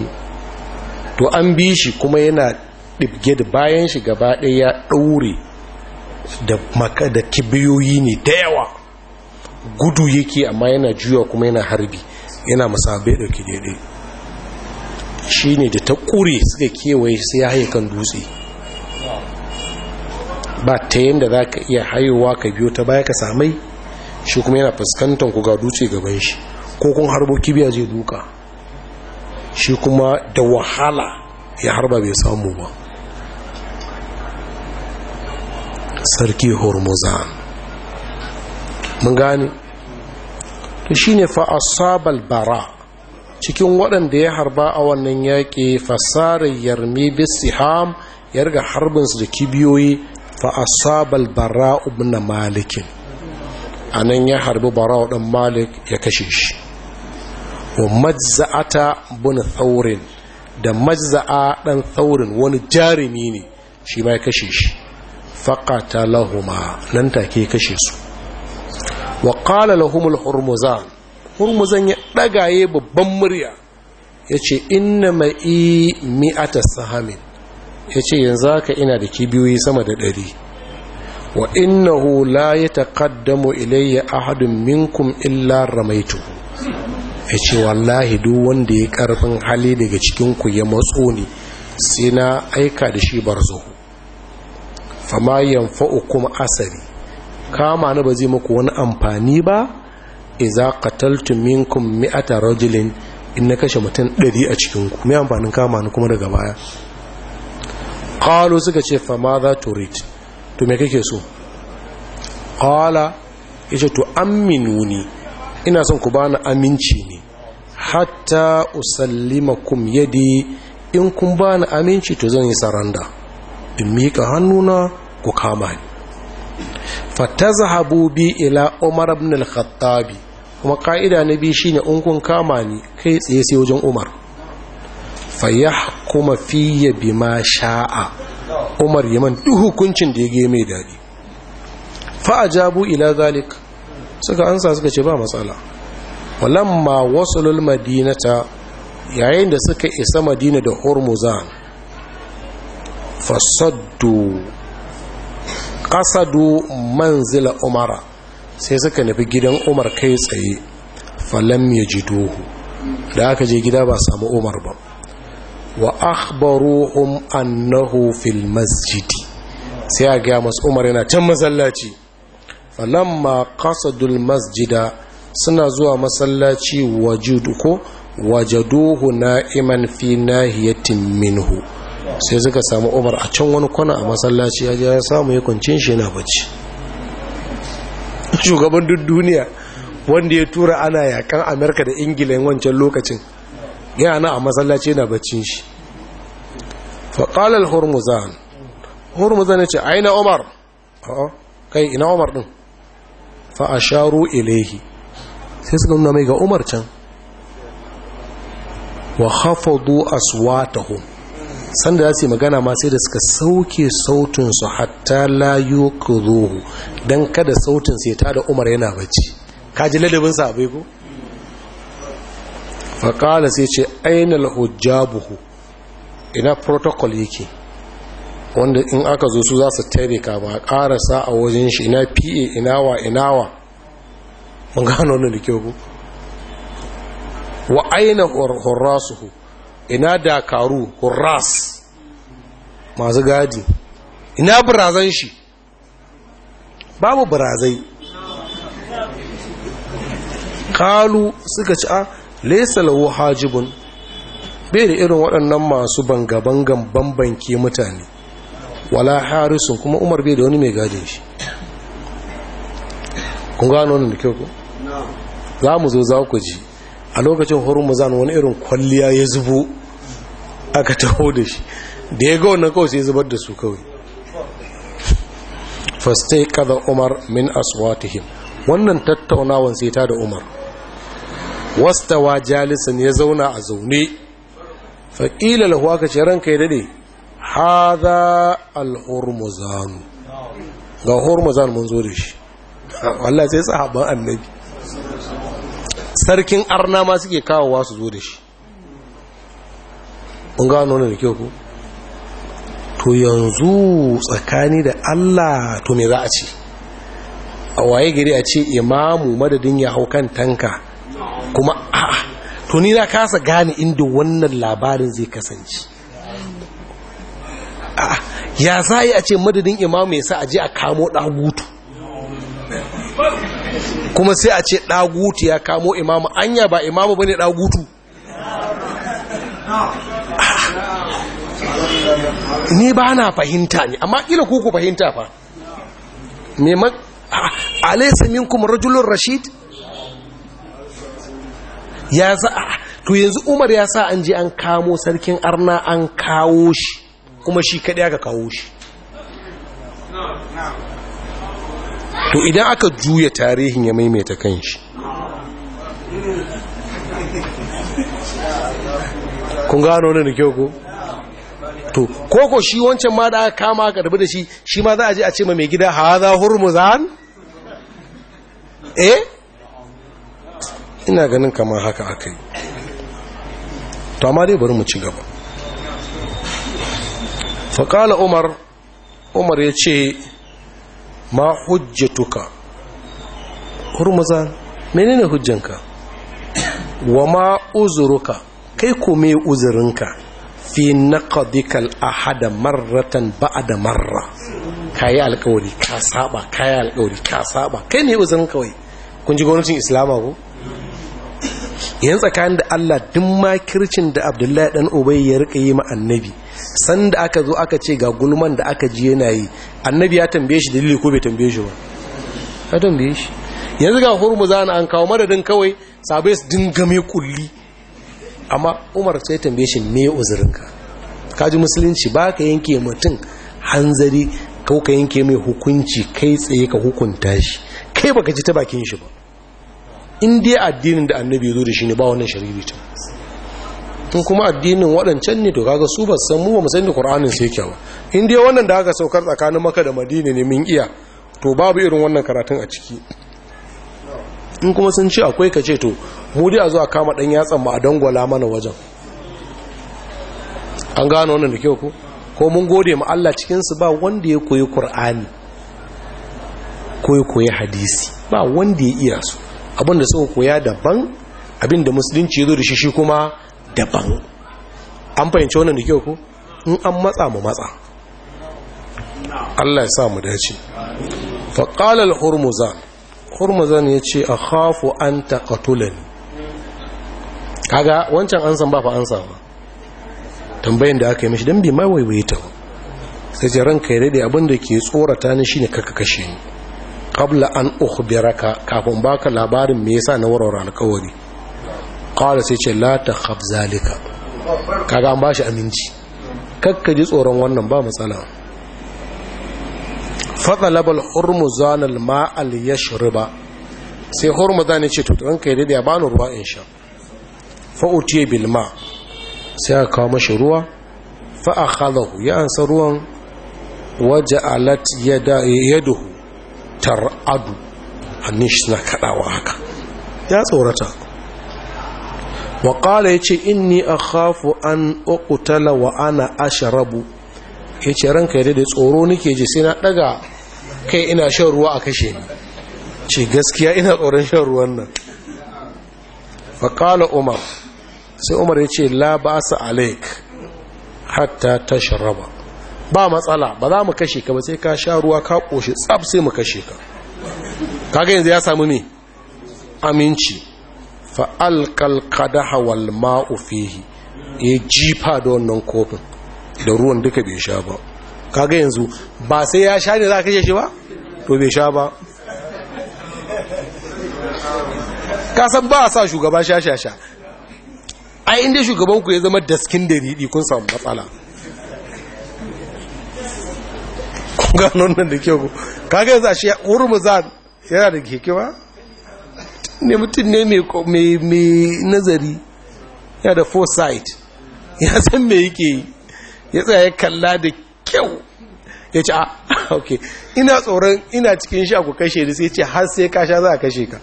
to an bi shi kuma yana ɗibge da bayan shi gaba ɗaya ya ɗaure da kibiyoyi ne da yawa gudu yake amma yana juya kuma yana harbi yana masabai dauki daidai shi ne da ta ƙure suka kewaye sai ya haye kan dutse ba ta yadda za ka iya hayowa ka biyo ta baya ka samai shi kuma yana fuskantar ku ga dutse gaban shi ko kun harbo kibiya zai duka shi kuma da wahala ya harba bai samu ba sarki hormuzan mun gane to shine fa asabal bara cikin waɗanda ya harba a wannan yaƙi fasarar yarmi bisiham ya riga su da kibiyoyi fa asabal bara ibn malikin a ya harbi bara ɗan malik ya kashe shi wa majza'ata bin thawrin da majza'a dan thawrin wani jarumi ne shi ma ya kashe shi faƙata lahuma nan take kashe su wa qala lahumul hurmuzan hurmuzan ya ɗagaye babban murya Ya yace ina ma'i mi'ata sahamin Ya ce yanzu haka ina da kibiyoyi sama da ɗari wa hu la yataqaddamu ilayya ahadin minkum illa Ya ce wallahi duk wanda ya ƙarfin hali daga cikin ku ya matso ni sai na aika da shi barzo fama kuma asari kama ni ba zai muku wani amfani ba iza qataltum minkum mi'ata rajulin in na kashe mutum ɗari a cikin ku me amfanin kama ni kuma daga baya qalu suka ce fa ma za rit to me kake so qala yace to aminuni ina son ku bani aminci ne hatta usallimakum yadi in kun bani aminci to zan yi saranda in miƙa hannuna ku kama ni fatazhabu bi ila umar ibn al-khattab kuma ka'ida na biyu shine in kun kama ni kai tsaye sai wajen umar fayahkuma fiyya bima sha'a umar yaman duk hukuncin da ya mai dadi fa ajabu ila zalik suka ansa suka ce ba matsala walamma wasulul madinata yayin da suka isa madina da hormuzan fasaddu qasadu manzila umara sai suka nufi gidan umar kai tsaye falam ya ji dohu da aka je gida ba samu umar ba wa an annahu fil masjidi sai a gaya masu umar yana can masallaci falamma qasadul masjida suna zuwa masallaci wajudu ko wajaduhu na'iman fi nahiyatin minhu sai suka samu umar a can wani kwana a masallaci ya ya samu ya kwanci shi yana bacci shugaban duk duniya wanda ya tura ana yakan amerika da ingila yin wancan lokacin yana a masallaci yana bacci shi faƙalar hormuzan hormuzan ya ce aina umar kai ina umar ɗin fa'asharu ilaihi sai suka nuna mai ga umar can wa hafa hafadu aswatahum sanda za su yi magana ma sai da suka sauke sautinsu hatta layu kuzuhu don kada sautin sai ta da umar yana bacci kaji ladabin abai ko faƙala sai ce ainihin hujjabuhu ina protocol yake wanda in aka zo su za su ka ba ƙarasa a wajen shi ina pa inawa inawa mun gano wani da kyau ku wa ainihin hurrasuhu ina dakaru hurras masu gadi ina birazan shi babu birazai kalu suka ci a laisa lawo hajibun bai da irin waɗannan masu bangabangan bambanke mutane wala harisun kuma umar bai da wani mai gadin shi kun gano da kyau ku za mu zo za ku ji a lokacin zan wani irin kwalliya ya zubo aka taho da shi da ya ga wannan kawai sai zubar da su kawai fastai kada umar min aswatihim wannan tattaunawan sai ta da umar wastawa jalisan ya zauna a zaune faƙila lahu ka ce ranka ya dade ha za hurmuzan ga hurmuzan mun zo da shi wallah sai sahabban annabi sarkin arna ma suke kawowa su zo da shi mun ga wani da kyau ku to yanzu tsakani da Allah to me za a ce a waye gari a ce imamu madadin ya hau kan tanka kuma a to ni na kasa gane inda wannan labarin zai kasance ya za a ce madadin imamu ya sa a je a kamo ɗagutu kuma sai a ce ɗagutu ya kamo imamu anya ba imamu ba ne ɗagutu ni ba na fahimta ne amma kila ku fahimta fa me ma alaysa minkum rajulun rashid ya za to yanzu Umar ya sa an je an kamo sarkin arna an kawo shi kuma shi kadai aka kawo shi to idan aka juya tarihin ya maimaita kanshi kun gano ne da kyau ko to koko shi wancan ma da aka kama aka rabu da shi shi ma za a je a ce ma mai gida haza hurmuzan eh ina ganin kamar haka akai to amma dai bari mu ci gaba faƙala umar umar ya ce ma hujjatuka hurmuzan menene hujjanka wa ma uzuruka kai ko me uzurinka fi naqdikal ahada marratan ba'da marra kayi alƙawari ka saba kayi alƙawari ka saba kai ne uzurin kawai kun ji gwamnatin islama ko yan tsakanin da Allah duk makircin da Abdullahi dan Ubay ya rika yi ma annabi sanda aka zo aka ce ga gulman da aka ji yana yi annabi ya tambaye shi dalili ko bai tambaye shi ba ya tambaye shi yanzu ga hurmuzan an kawo madadin kawai sabai su dingame kulli amma umar sai tambaye shi me ka, kaji musulunci ba ka yanke mutum hanzari ko ka yanke mai hukunci kai tsaye ka hukunta shi kai baka ji ta bakin shi ba in dai addinin da annabi ya zo da shi ne ba wannan shari'a ta in kuma addinin waɗancan ne to kaga su ba san mu ba mu san da Qur'anin sai kyawa ba in dai wannan da aka saukar tsakanin maka da Madina ne mun iya to babu irin wannan karatun a ciki in kuma sun ce akwai ka ce to mu dai a zuwa kama dan yatsan ma a dangwala mana wajen an gano wannan da kyau ku ko mun gode ma Allah cikin su ba wanda ya koyi Qur'ani ko ya koyi hadisi ba wanda ya iya su abinda suka koya daban da musulunci ya zo da shi shi kuma daban an fahimci wannan da kyau ku in an matsa mu matsa Allah ya sa mu dace faqala al-hurmuzan hurmuzan ya ce a hafu an taƙatulani kaga wancan an san ba fa an samu tambayin da aka yi mashi don bi ma waiwaye ta sai ce ya daɗe daidai abinda ke tsorata ni shine kaka kashe ni Kabla an ka kafin baka labarin me yasa na warware alkawari qala sai ce lata takhaf kaga an bashi aminci kakka ji tsoron wannan ba matsala fatsalabal hurmuzan al-ma'al ya ba sai hurmuzan yace ce tutuwan kai daidai ya bani ruwa in sha fa'utiye bilma sai aka kawo mashi ruwa fa'akhalahu ya ansa ruwan waje alat yaduhu tar'adu hannun shi suna kaɗawa haka ya tsorata waƙala ya ce inni a khafu an ukutala wa ana asharabu ya ce ranka ya daidai tsoro nake ji sai na ɗaga kai ina shan ruwa a kashe ni ce gaskiya ina tsoron shan ruwan nan faƙala umar sai umar ya ce la ba su alaik hatta ta sharaba ba matsala ba za mu kashe ka ba sai ka sha ruwa ka ƙoshi tsab sai mu kashe ka kaga yanzu ya samu ne aminci fa'alƙal kada hawal ma’ufihi ya jifa da wannan kofin da ruwan duka bai sha ba kaga yanzu ba sai ya sha ne za a kashe shi ba to bai sha ba kasan ba a sa shugaba sha sha sha ai inda ku ya zama daskin da riɗi kun samu matsala gano nan da kyau kaga yanzu a shi hurmuzan yana da keke ba ne mutum ne mai nazari yana da foresight ya san me yake yi ya tsaye kalla da kyau ya ce a ah, ok ina tsoron ina cikin sha ku kashe da sai ce har sai ka sha za a kashe ka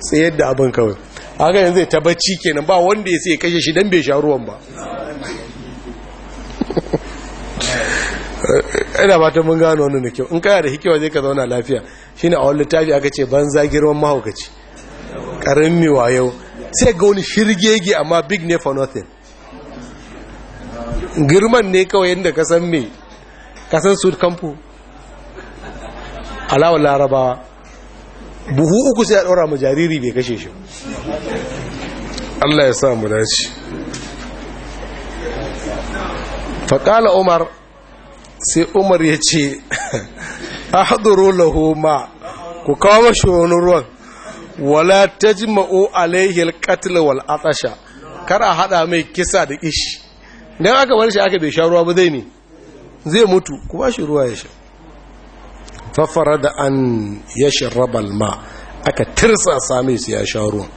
sai yadda abin kawai haka yanzu ta bacci kenan ba wanda ya sai kashe shi don bai sha ruwan ba ina fatan mun gano wani da kyau in kana da hikima zai ka zauna lafiya shine a wani littafi aka ce banza girman mahaukaci karin miwa yau sai ga wani shirgege amma big ne for nothing girman ne kawai yadda ka san me kasan su kamfu alawar larabawa buhu uku sai a ɗora mu jariri bai kashe shi Allah ya sa mu dace faƙala umar sai umar ya ce a haɗuru lahu homa ku kawo mashi wani ruwan wala ta ji ma'o alaihil katil atasha kar a haɗa mai kisa da ishi don aka wani shi aka bai sha ruwa ba zai ne zai mutu ku ba shi ruwa ya sha fafara da an ya shirrabal ma aka tirsa sami su ya sha ruwan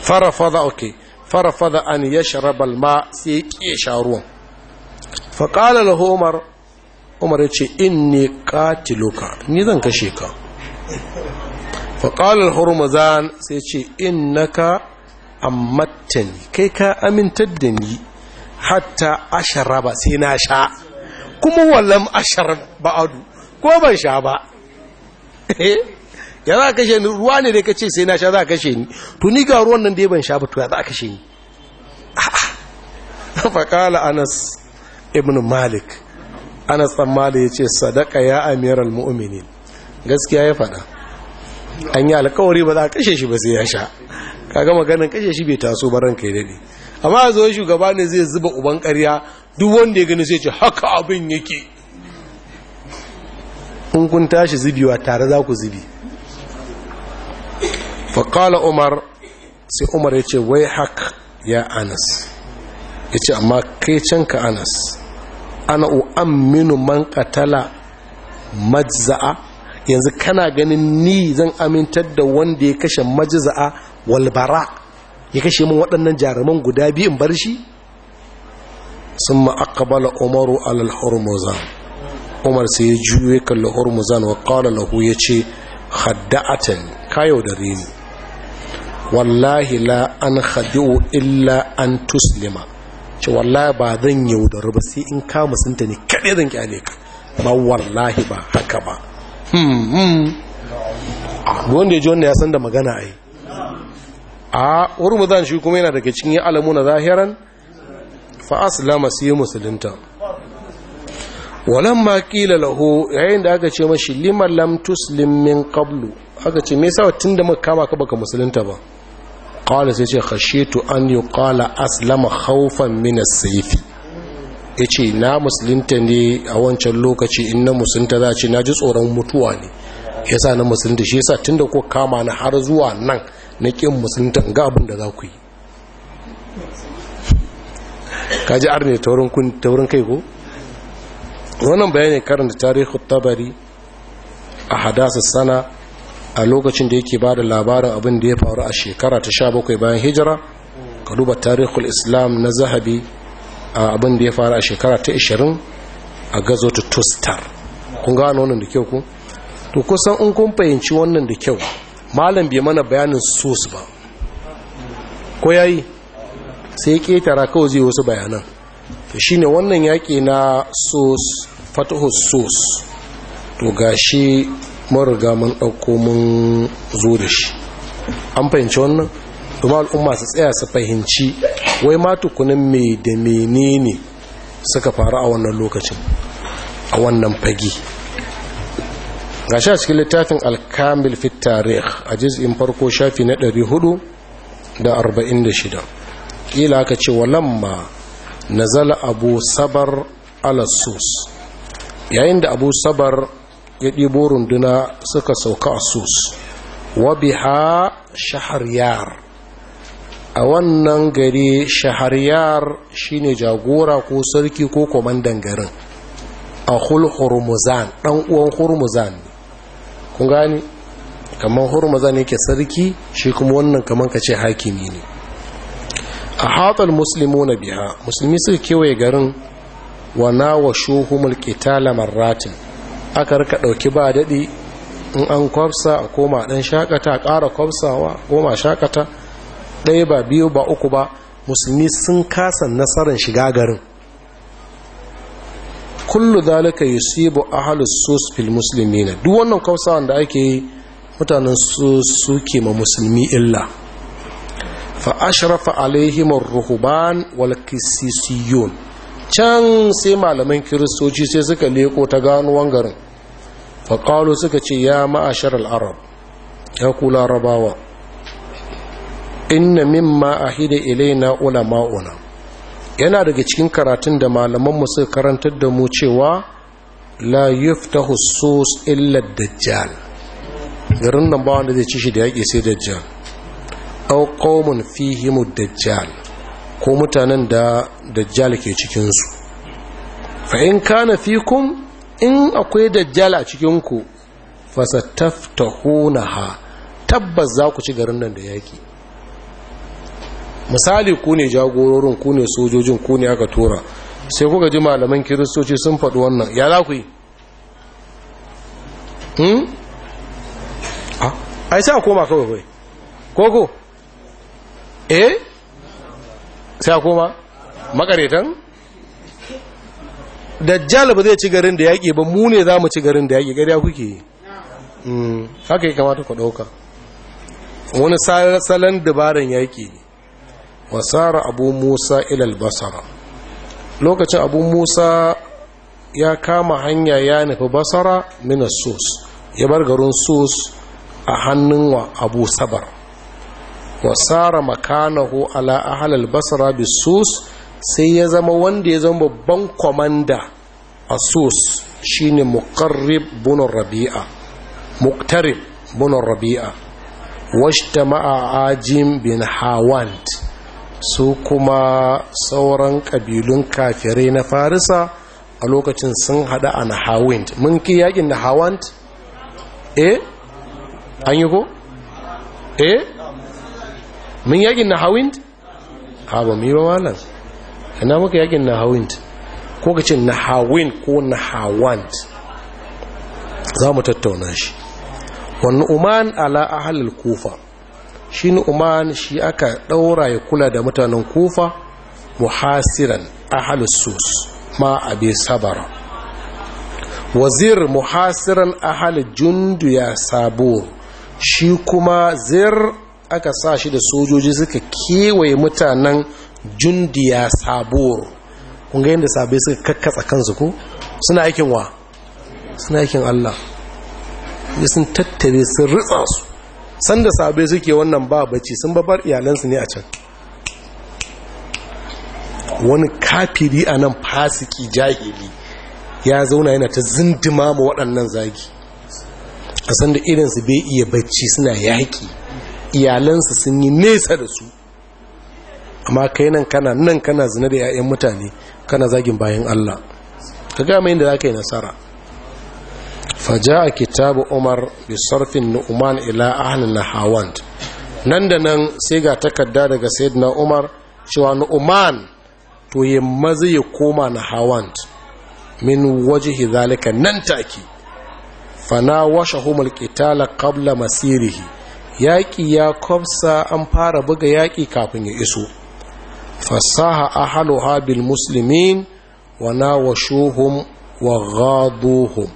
farafada oke. farafada an ya shirrabal ma sai ya ƙi sha ruwan faƙalar homar umar ya ce in ne katiluka ni zan kashe ka faƙalar hormuzan sai ce in naka ni kai ka amintar da ni hatta asharaba sai na sha kuma wallam ashar ba'adu ko ban sha ba eh, ya za a kashe ni ruwa ne da ka ce sai na sha za a kashe ni to ni ga ruwan nan da ya ban sha ba to ya za a kashe ni faƙala anas ibn malik anas ɗan malik ya ce sadaka ya amiral mu'minin gaskiya ya faɗa an yi alkawari ba za a kashe shi ba sai ya sha Ka gama maganin kashe shi bai taso ba ranka ya daɗe amma a zo shugaba ne zai zuba uban ƙarya duk wanda ya gani sai ce haka abin yake in kun tashi zubiwa tare za ku zubi faƙala umar sai umar ya ce wai hak ya anas ya ce amma kai can ka anas ana u'amminu man katala majza'a yanzu kana ganin ni zan amintar da wanda ya kashe majza'a walbara ya kashe min waɗannan jaruman guda biyu in bar shi sun ma'akabala umaru alal hormuzan umar sai ya juye kalli hormuzan wa kawala lahu ya ce hadda'atan kayo da rini wallahi la an hadi'u illa an tuslima ce wallahi ba zan yaudar ba sai in ka musunta ne kaɗai zan kyale ka ba wallahi ba haka ba wanda ya ji wanda ya san da magana a yi a wurin shi kuma yana daga cikin alamu na zahiran fa aslama sai musulunta walamma qila lahu yayin da aka ce mashi liman lam tuslim min aka ce me yasa tunda muka kama ka baka musulunta ba qala sai ce khashitu an yuqala aslama khawfan min as-sayf yace na musulunta ne a wancan lokaci in na musulunta za ce na ji tsoron mutuwa ne yasa na musulunta shi yasa tunda ko kama na har zuwa nan na ƙin musulunta ga abin da za ku yi kaji arne taurin kun taurin kai ko wannan bayanin karanta tarihi tabari a hadasa sana a lokacin da yake bada labarin abin da ya faru a shekara ta 17 bayan hijira ka duba tarihul islam na zahabi a abin da ya faru a shekara ta 20 a gazo ta tostar kun gano wannan da kyau ku to kusan in kun fahimci wannan da kyau malam bai mana bayanin sus ba ko yayi sai ƙetara kawai zai wasu bayanan to shine wannan yaƙi na sos fatahu sos to ga shi mariga mun ɗauko mun zo da shi an fahimci wannan domin al'umma su tsaya su fahimci wai ma tukunin mai da menene suka faru a wannan lokacin a wannan fagi gashi a cikin littafin alkamil fit tarih a jiz'in farko shafi na da 446 kila aka ce walamma nazala abu sabar alasus yayin da abu sabar ya ɗibo runduna suka sauka a sus ha shahariyar a wannan gari shahariyar shine jagora ko sarki ko kwamandan garin a hulhurmuzan ɗan uwan hurmuzan ne kun gani kamar hurmuzan yake sarki shi kuma wannan kamar ka ce hakimi ne a hatar musulmi na biya musulmi suka kewaye garin wa na wa qitala marratin aka rika dauki ba dadi in an kwafsa a koma dan shakata ƙara kwafsawa koma shakata ɗaya ba biyu ba uku ba musulmi sun kasa nasarar shiga garin kullu zalika yusibu ahlus sus fil muslimina duk wannan kwafsawan da ake yi mutanen su suke ma musulmi illa fa ashrafa alaihim ar-ruhban can sai malaman kiristoci sai suka leko ta ganuwan garin fa suka ce ya ma'ashar al-arab ya ku larabawa inna mimma ahida ilaina ulama'una yana daga cikin karatun da malaman mu suka karantar da mu cewa la yuftahu husus illa dajjal garin nan ba wanda zai ci shi da yaƙi sai dajjal aw qaumun fihim dajjal ko mutanen da dajjal ke cikin su fa in kana fikum in akwai dajjal a cikin ku fasataftahunaha tabbas za ku ci garin nan da yaki misali ku ne jagororin ku ne sojojin ku ne aka tura sai kuka ji malaman kiristoci sun faɗi wannan ya za ku yi hmm? ai sai a koma kawai koko eh sai koma makaretan dajjal ba zai ci garin da yaƙi ba mu ne za mu ci garin da yaƙi gariya kuke yi hmm, haka yi kamata ku ɗauka wani salon dabaran yaƙi ne wasara abu musa ilal basara lokacin abu musa ya kama hanya ya nufi basara minas sus ya bar garin sus a hannun wa abu sabar wasara makanahu ala ahlal basra Sus sai ya zama wanda ya zama babban kwamanda a sus shine muqarrib bunun rabi'a muqtarib bunun rabi'a ma'a ajim bin hawant su kuma sauran kabilun kafirai na farisa a lokacin sun hada a nahawint mun ki yakin nahawant eh an yi ko eh mun yakin na hawind ha ba mu yi ba malam ina muka yakin na hawind ko ka ce na hawind ko na hawand za mu tattauna shi wani uman ala ahalil kufa shi ni uman shi aka ɗaura ya kula da mutanen kufa muhasiran ahalus sus ma abe sabara wazir muhasiran ahalil jundu ya sabo shi kuma zir aka sa shi da sojoji suka kewaye mutanen jundiya sabuwar kunga yadda sabai suka kakkatsa kansu ko suna aikin wa suna aikin Allah ya sun tattare sun ritsa su sanda sabai suke wannan ba bacci sun babar iyalansu ne a can wani kafiri a nan fasiki jahili ya zauna yana ta zindima ma waɗannan zagi a sanda irinsu bai iya bacci suna yaƙi iyalansa sun yi nesa da su amma kai nan kana nan kana zina da 'ya'yan mutane kana zagin bayan Allah ka gama yin da za ka yi nasara faja a kitabu umar bi sarfin nu'uman ila na hawand nan da nan sai ga takarda daga na umar cewa nu'uman to ya mazi ya koma hawand min wajihi zalika nan take fana washe humul qitala qabla masirihi yaƙi ya kwafsa an fara buga yaƙi kafin ya iso fasaha a haloha bil wana wa shuhun wa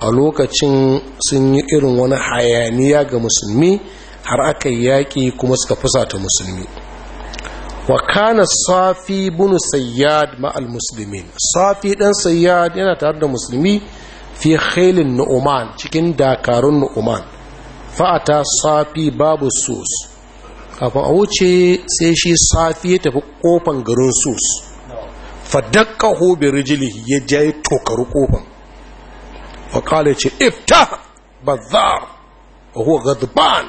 a lokacin sun yi irin wani hayaniya ga musulmi har aka yi yaƙi kuma suka fusata musulmi wa kana safi bunu sayyad ma'al safi dan sayyad yana tare da musulmi fi khailin nu'uman cikin dakarun nu'uman fa'ata safi babu sus kafin a wuce sai shi safi ya tafi kofan garin sus fadakka hobe rijili ya jaye tokaru kofan wakala ce ifta bazar a huwa gadban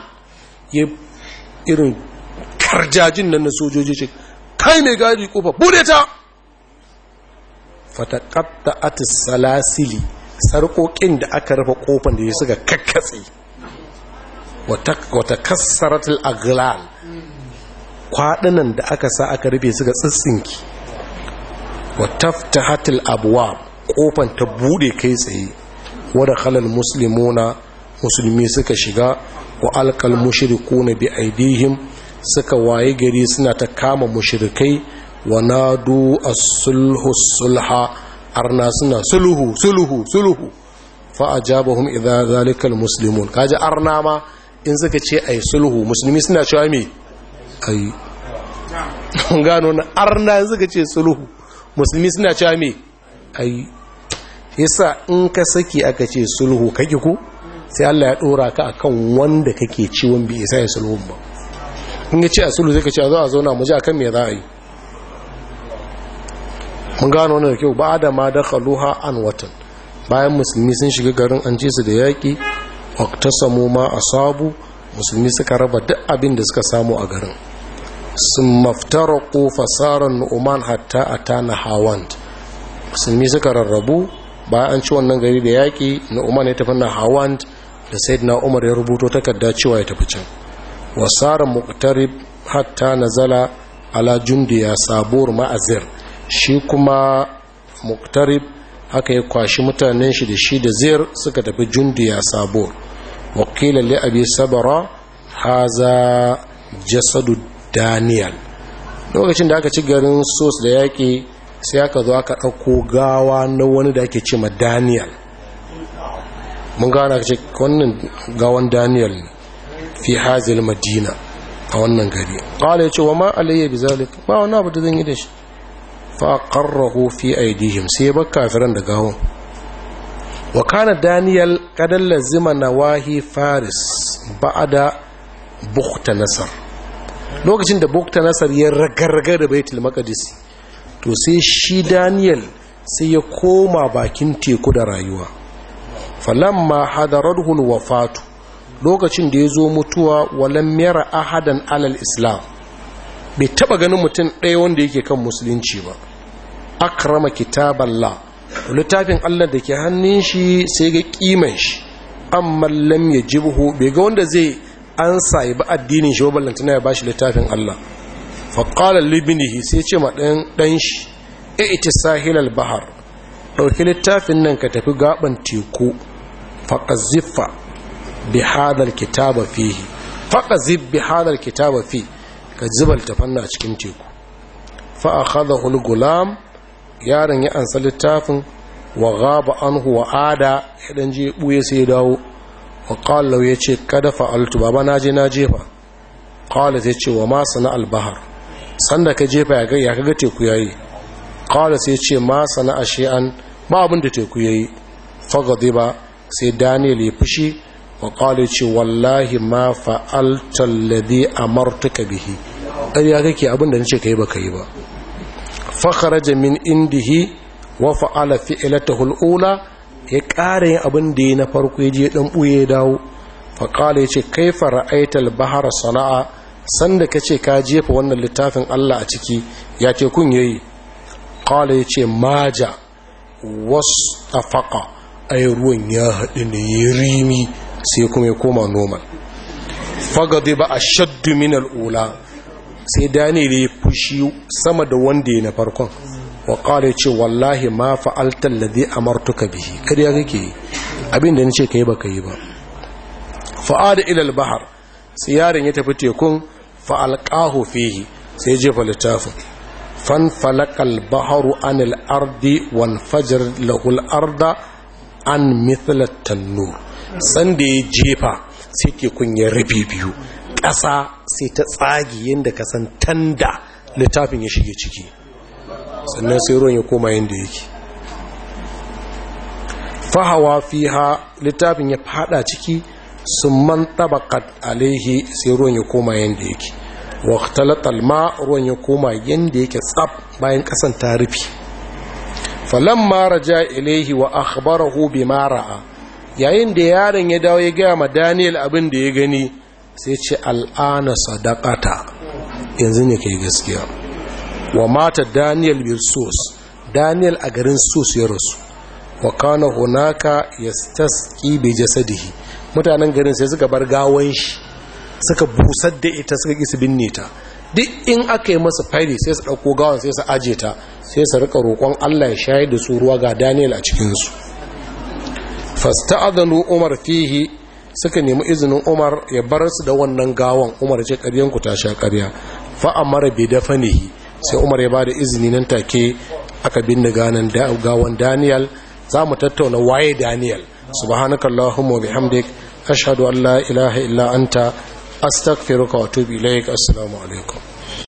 ya irin karjajin nan na sojoji ce kai mai gari kofa bude ta fataƙatta atis salasili sarƙoƙin da aka rufe kofan da ya suka kakkatsi wata kassaratul aglal kwaɗinan da aka sa aka rufe su ga tsitsinki wata tahatul abuwa ƙofan ta buɗe kai tsaye wadda halal musulmuna musulmi suka shiga wa alkal mushiriku na bi aidihim suka waye gari suna ta kama mushirikai wa nadu as-sulhu sulha arna suna sulhu sulhu sulhu fa ajabahum idza zalika al-muslimun kaji arna ma in suka ce yi sulhu musulmi suna cewa me ai kun gano na arna in suka ce sulhu musulmi suna cewa me ai yasa in ka saki aka ce sulhu kake ko sai Allah ya dora ka akan wanda kake ciwon bi isa ya sulhun ba in ya ce a sulhu zai ka ce a zo a zauna mu ji akan me za a yi mun gano na da kyau ba da ma da khaluha an watan bayan musulmi sun shiga garin an ce su da yaƙi waktasamu ma sabu musulmi suka raba duk abin da suka samu a garin sun maftara ko fasarar nu'uman hatta a tana hawan musulmi suka rarrabu bayan an ci wannan gari da yaƙi nu'uman ya tafi na hawan da na umar ya rubuto takarda cewa ya tafi can wasarar muktarib hatta zala ala jundiya sabuwar ma'azir shi kuma muktarib aka yi kwashi mutanen shi da shi da zir suka tafi jundiya sabo wakila li abi sabara haza jasadu daniel lokacin da aka ci garin sos da yaƙi sai aka zo aka ɗauko gawa na wani da ake ce ma daniel mun gana ce wannan gawan daniel ne fi hazil madina a wannan gari ya ce wa ma alayya bi zalika ba wani abu da zan yi da shi fa fi aidihim sai ba kafiran da gawo wa kana daniel kadal lazima wahi faris ba'ada bukhta nasar lokacin da bukhta nasar ya ragarraga da baitul maqdis to sai shi daniel sai ya koma bakin teku da rayuwa falamma hadararhul wafatu lokacin da ya zo mutuwa walam ahadan alal islam bai taba ganin mutum ɗaya wanda yake kan musulunci ba akrama kitaballa littafin Allah da ke hannun shi sai ga kiman shi amma lam yajibuhu bai ga wanda zai an sai ba addinin shi lantana ya bashi littafin Allah fa qala sai ce ma ɗan ɗan shi ita sahilal bahar ɗauki littafin nan ka tafi gaɓan teku faqaziffa bi hadar kitaba fihi ka zuba littafan a cikin teku fa akhadahu al-gulam yaron ya ansa littafin wa gaba anhu wa ada ya dan je buye sai ya dawo wa ya ce kada fa'altu baba je na jefa qala sai ce wa ma na albahar sanda ka jefa ya ga kaga teku yayi sai ce ma ashe an ba abin da teku yayi ba sai daniel ya fushi wa ya ce wallahi ma fa'alta alladhi amartuka bihi ƙarya kake abin da nace kai ka yi ba fa kharaja min indihi wa fa'ala fi'latahu al-ula ya ƙara yin abin da ya na farko ya je dan ya dawo fa qala yace kai ra'aita al-bahra sana'a sanda kace ka jefa wannan littafin Allah a ciki ya ce kun yayi qala yace maja wastafaqa ai ruwan ya haɗu ne ya rimi sai kuma ya koma normal fagadi ba a shaddu min ula. sai daniel ya fushi sama da wanda ya na farkon wa kare ce wallahi ma fa'altar da zai amartuka bihi kariya kake yi, abinda ni ce ka yi ba ka yi ba fa'ada ilal bahar sai yaren ya tafi tekun fa'alƙahu fihi sai jefa littafin fan falakal baharu an al'ardi wan fajar lahul arda an mithalar tannu sanda ya jefa sai tekun ya rabi biyu ƙasa sai ta tsagi yadda ka san tanda littafin ya shige ciki sannan sai ruwan ya koma yadda yake fahawa fiha littafin ya fada ciki sun man tabakat alaihi sai ruwan ya koma yadda yake waktalatal ma ruwan ya koma yadda yake tsab bayan kasan ta rufi mara ja ilaihi wa akhbarahu bima mara'a yayin da yaron ya dawo ya gaya ma Daniel abin da ya gani sai ce al'ana sadakata yanzu ne kai gaskiya wa mata daniel bin sos daniel a garin sos ya rasu wa kana hunaka taski bi jasadihi mutanen garin sai suka bar gawan shi suka busar da ita suka ki su binne ta duk in aka yi masa fari sai su ɗauko gawon sai su aje ta sai su rika roƙon Allah ya shayar da su ruwa ga Daniel a cikinsu fasta'adhanu Umar fihi suka nemi izinin umar ya bar su da wannan gawan umar ce ku ta sha karya mara bai dafa ne sai umar ya bada da izini nan take aka binne ganin gawan daniel za mu tattauna waye daniel subhanaka allahumma bihamdik ashhadu an la ilaha illa anta astaghfiruka wa atubu ilaik assalamu alaikum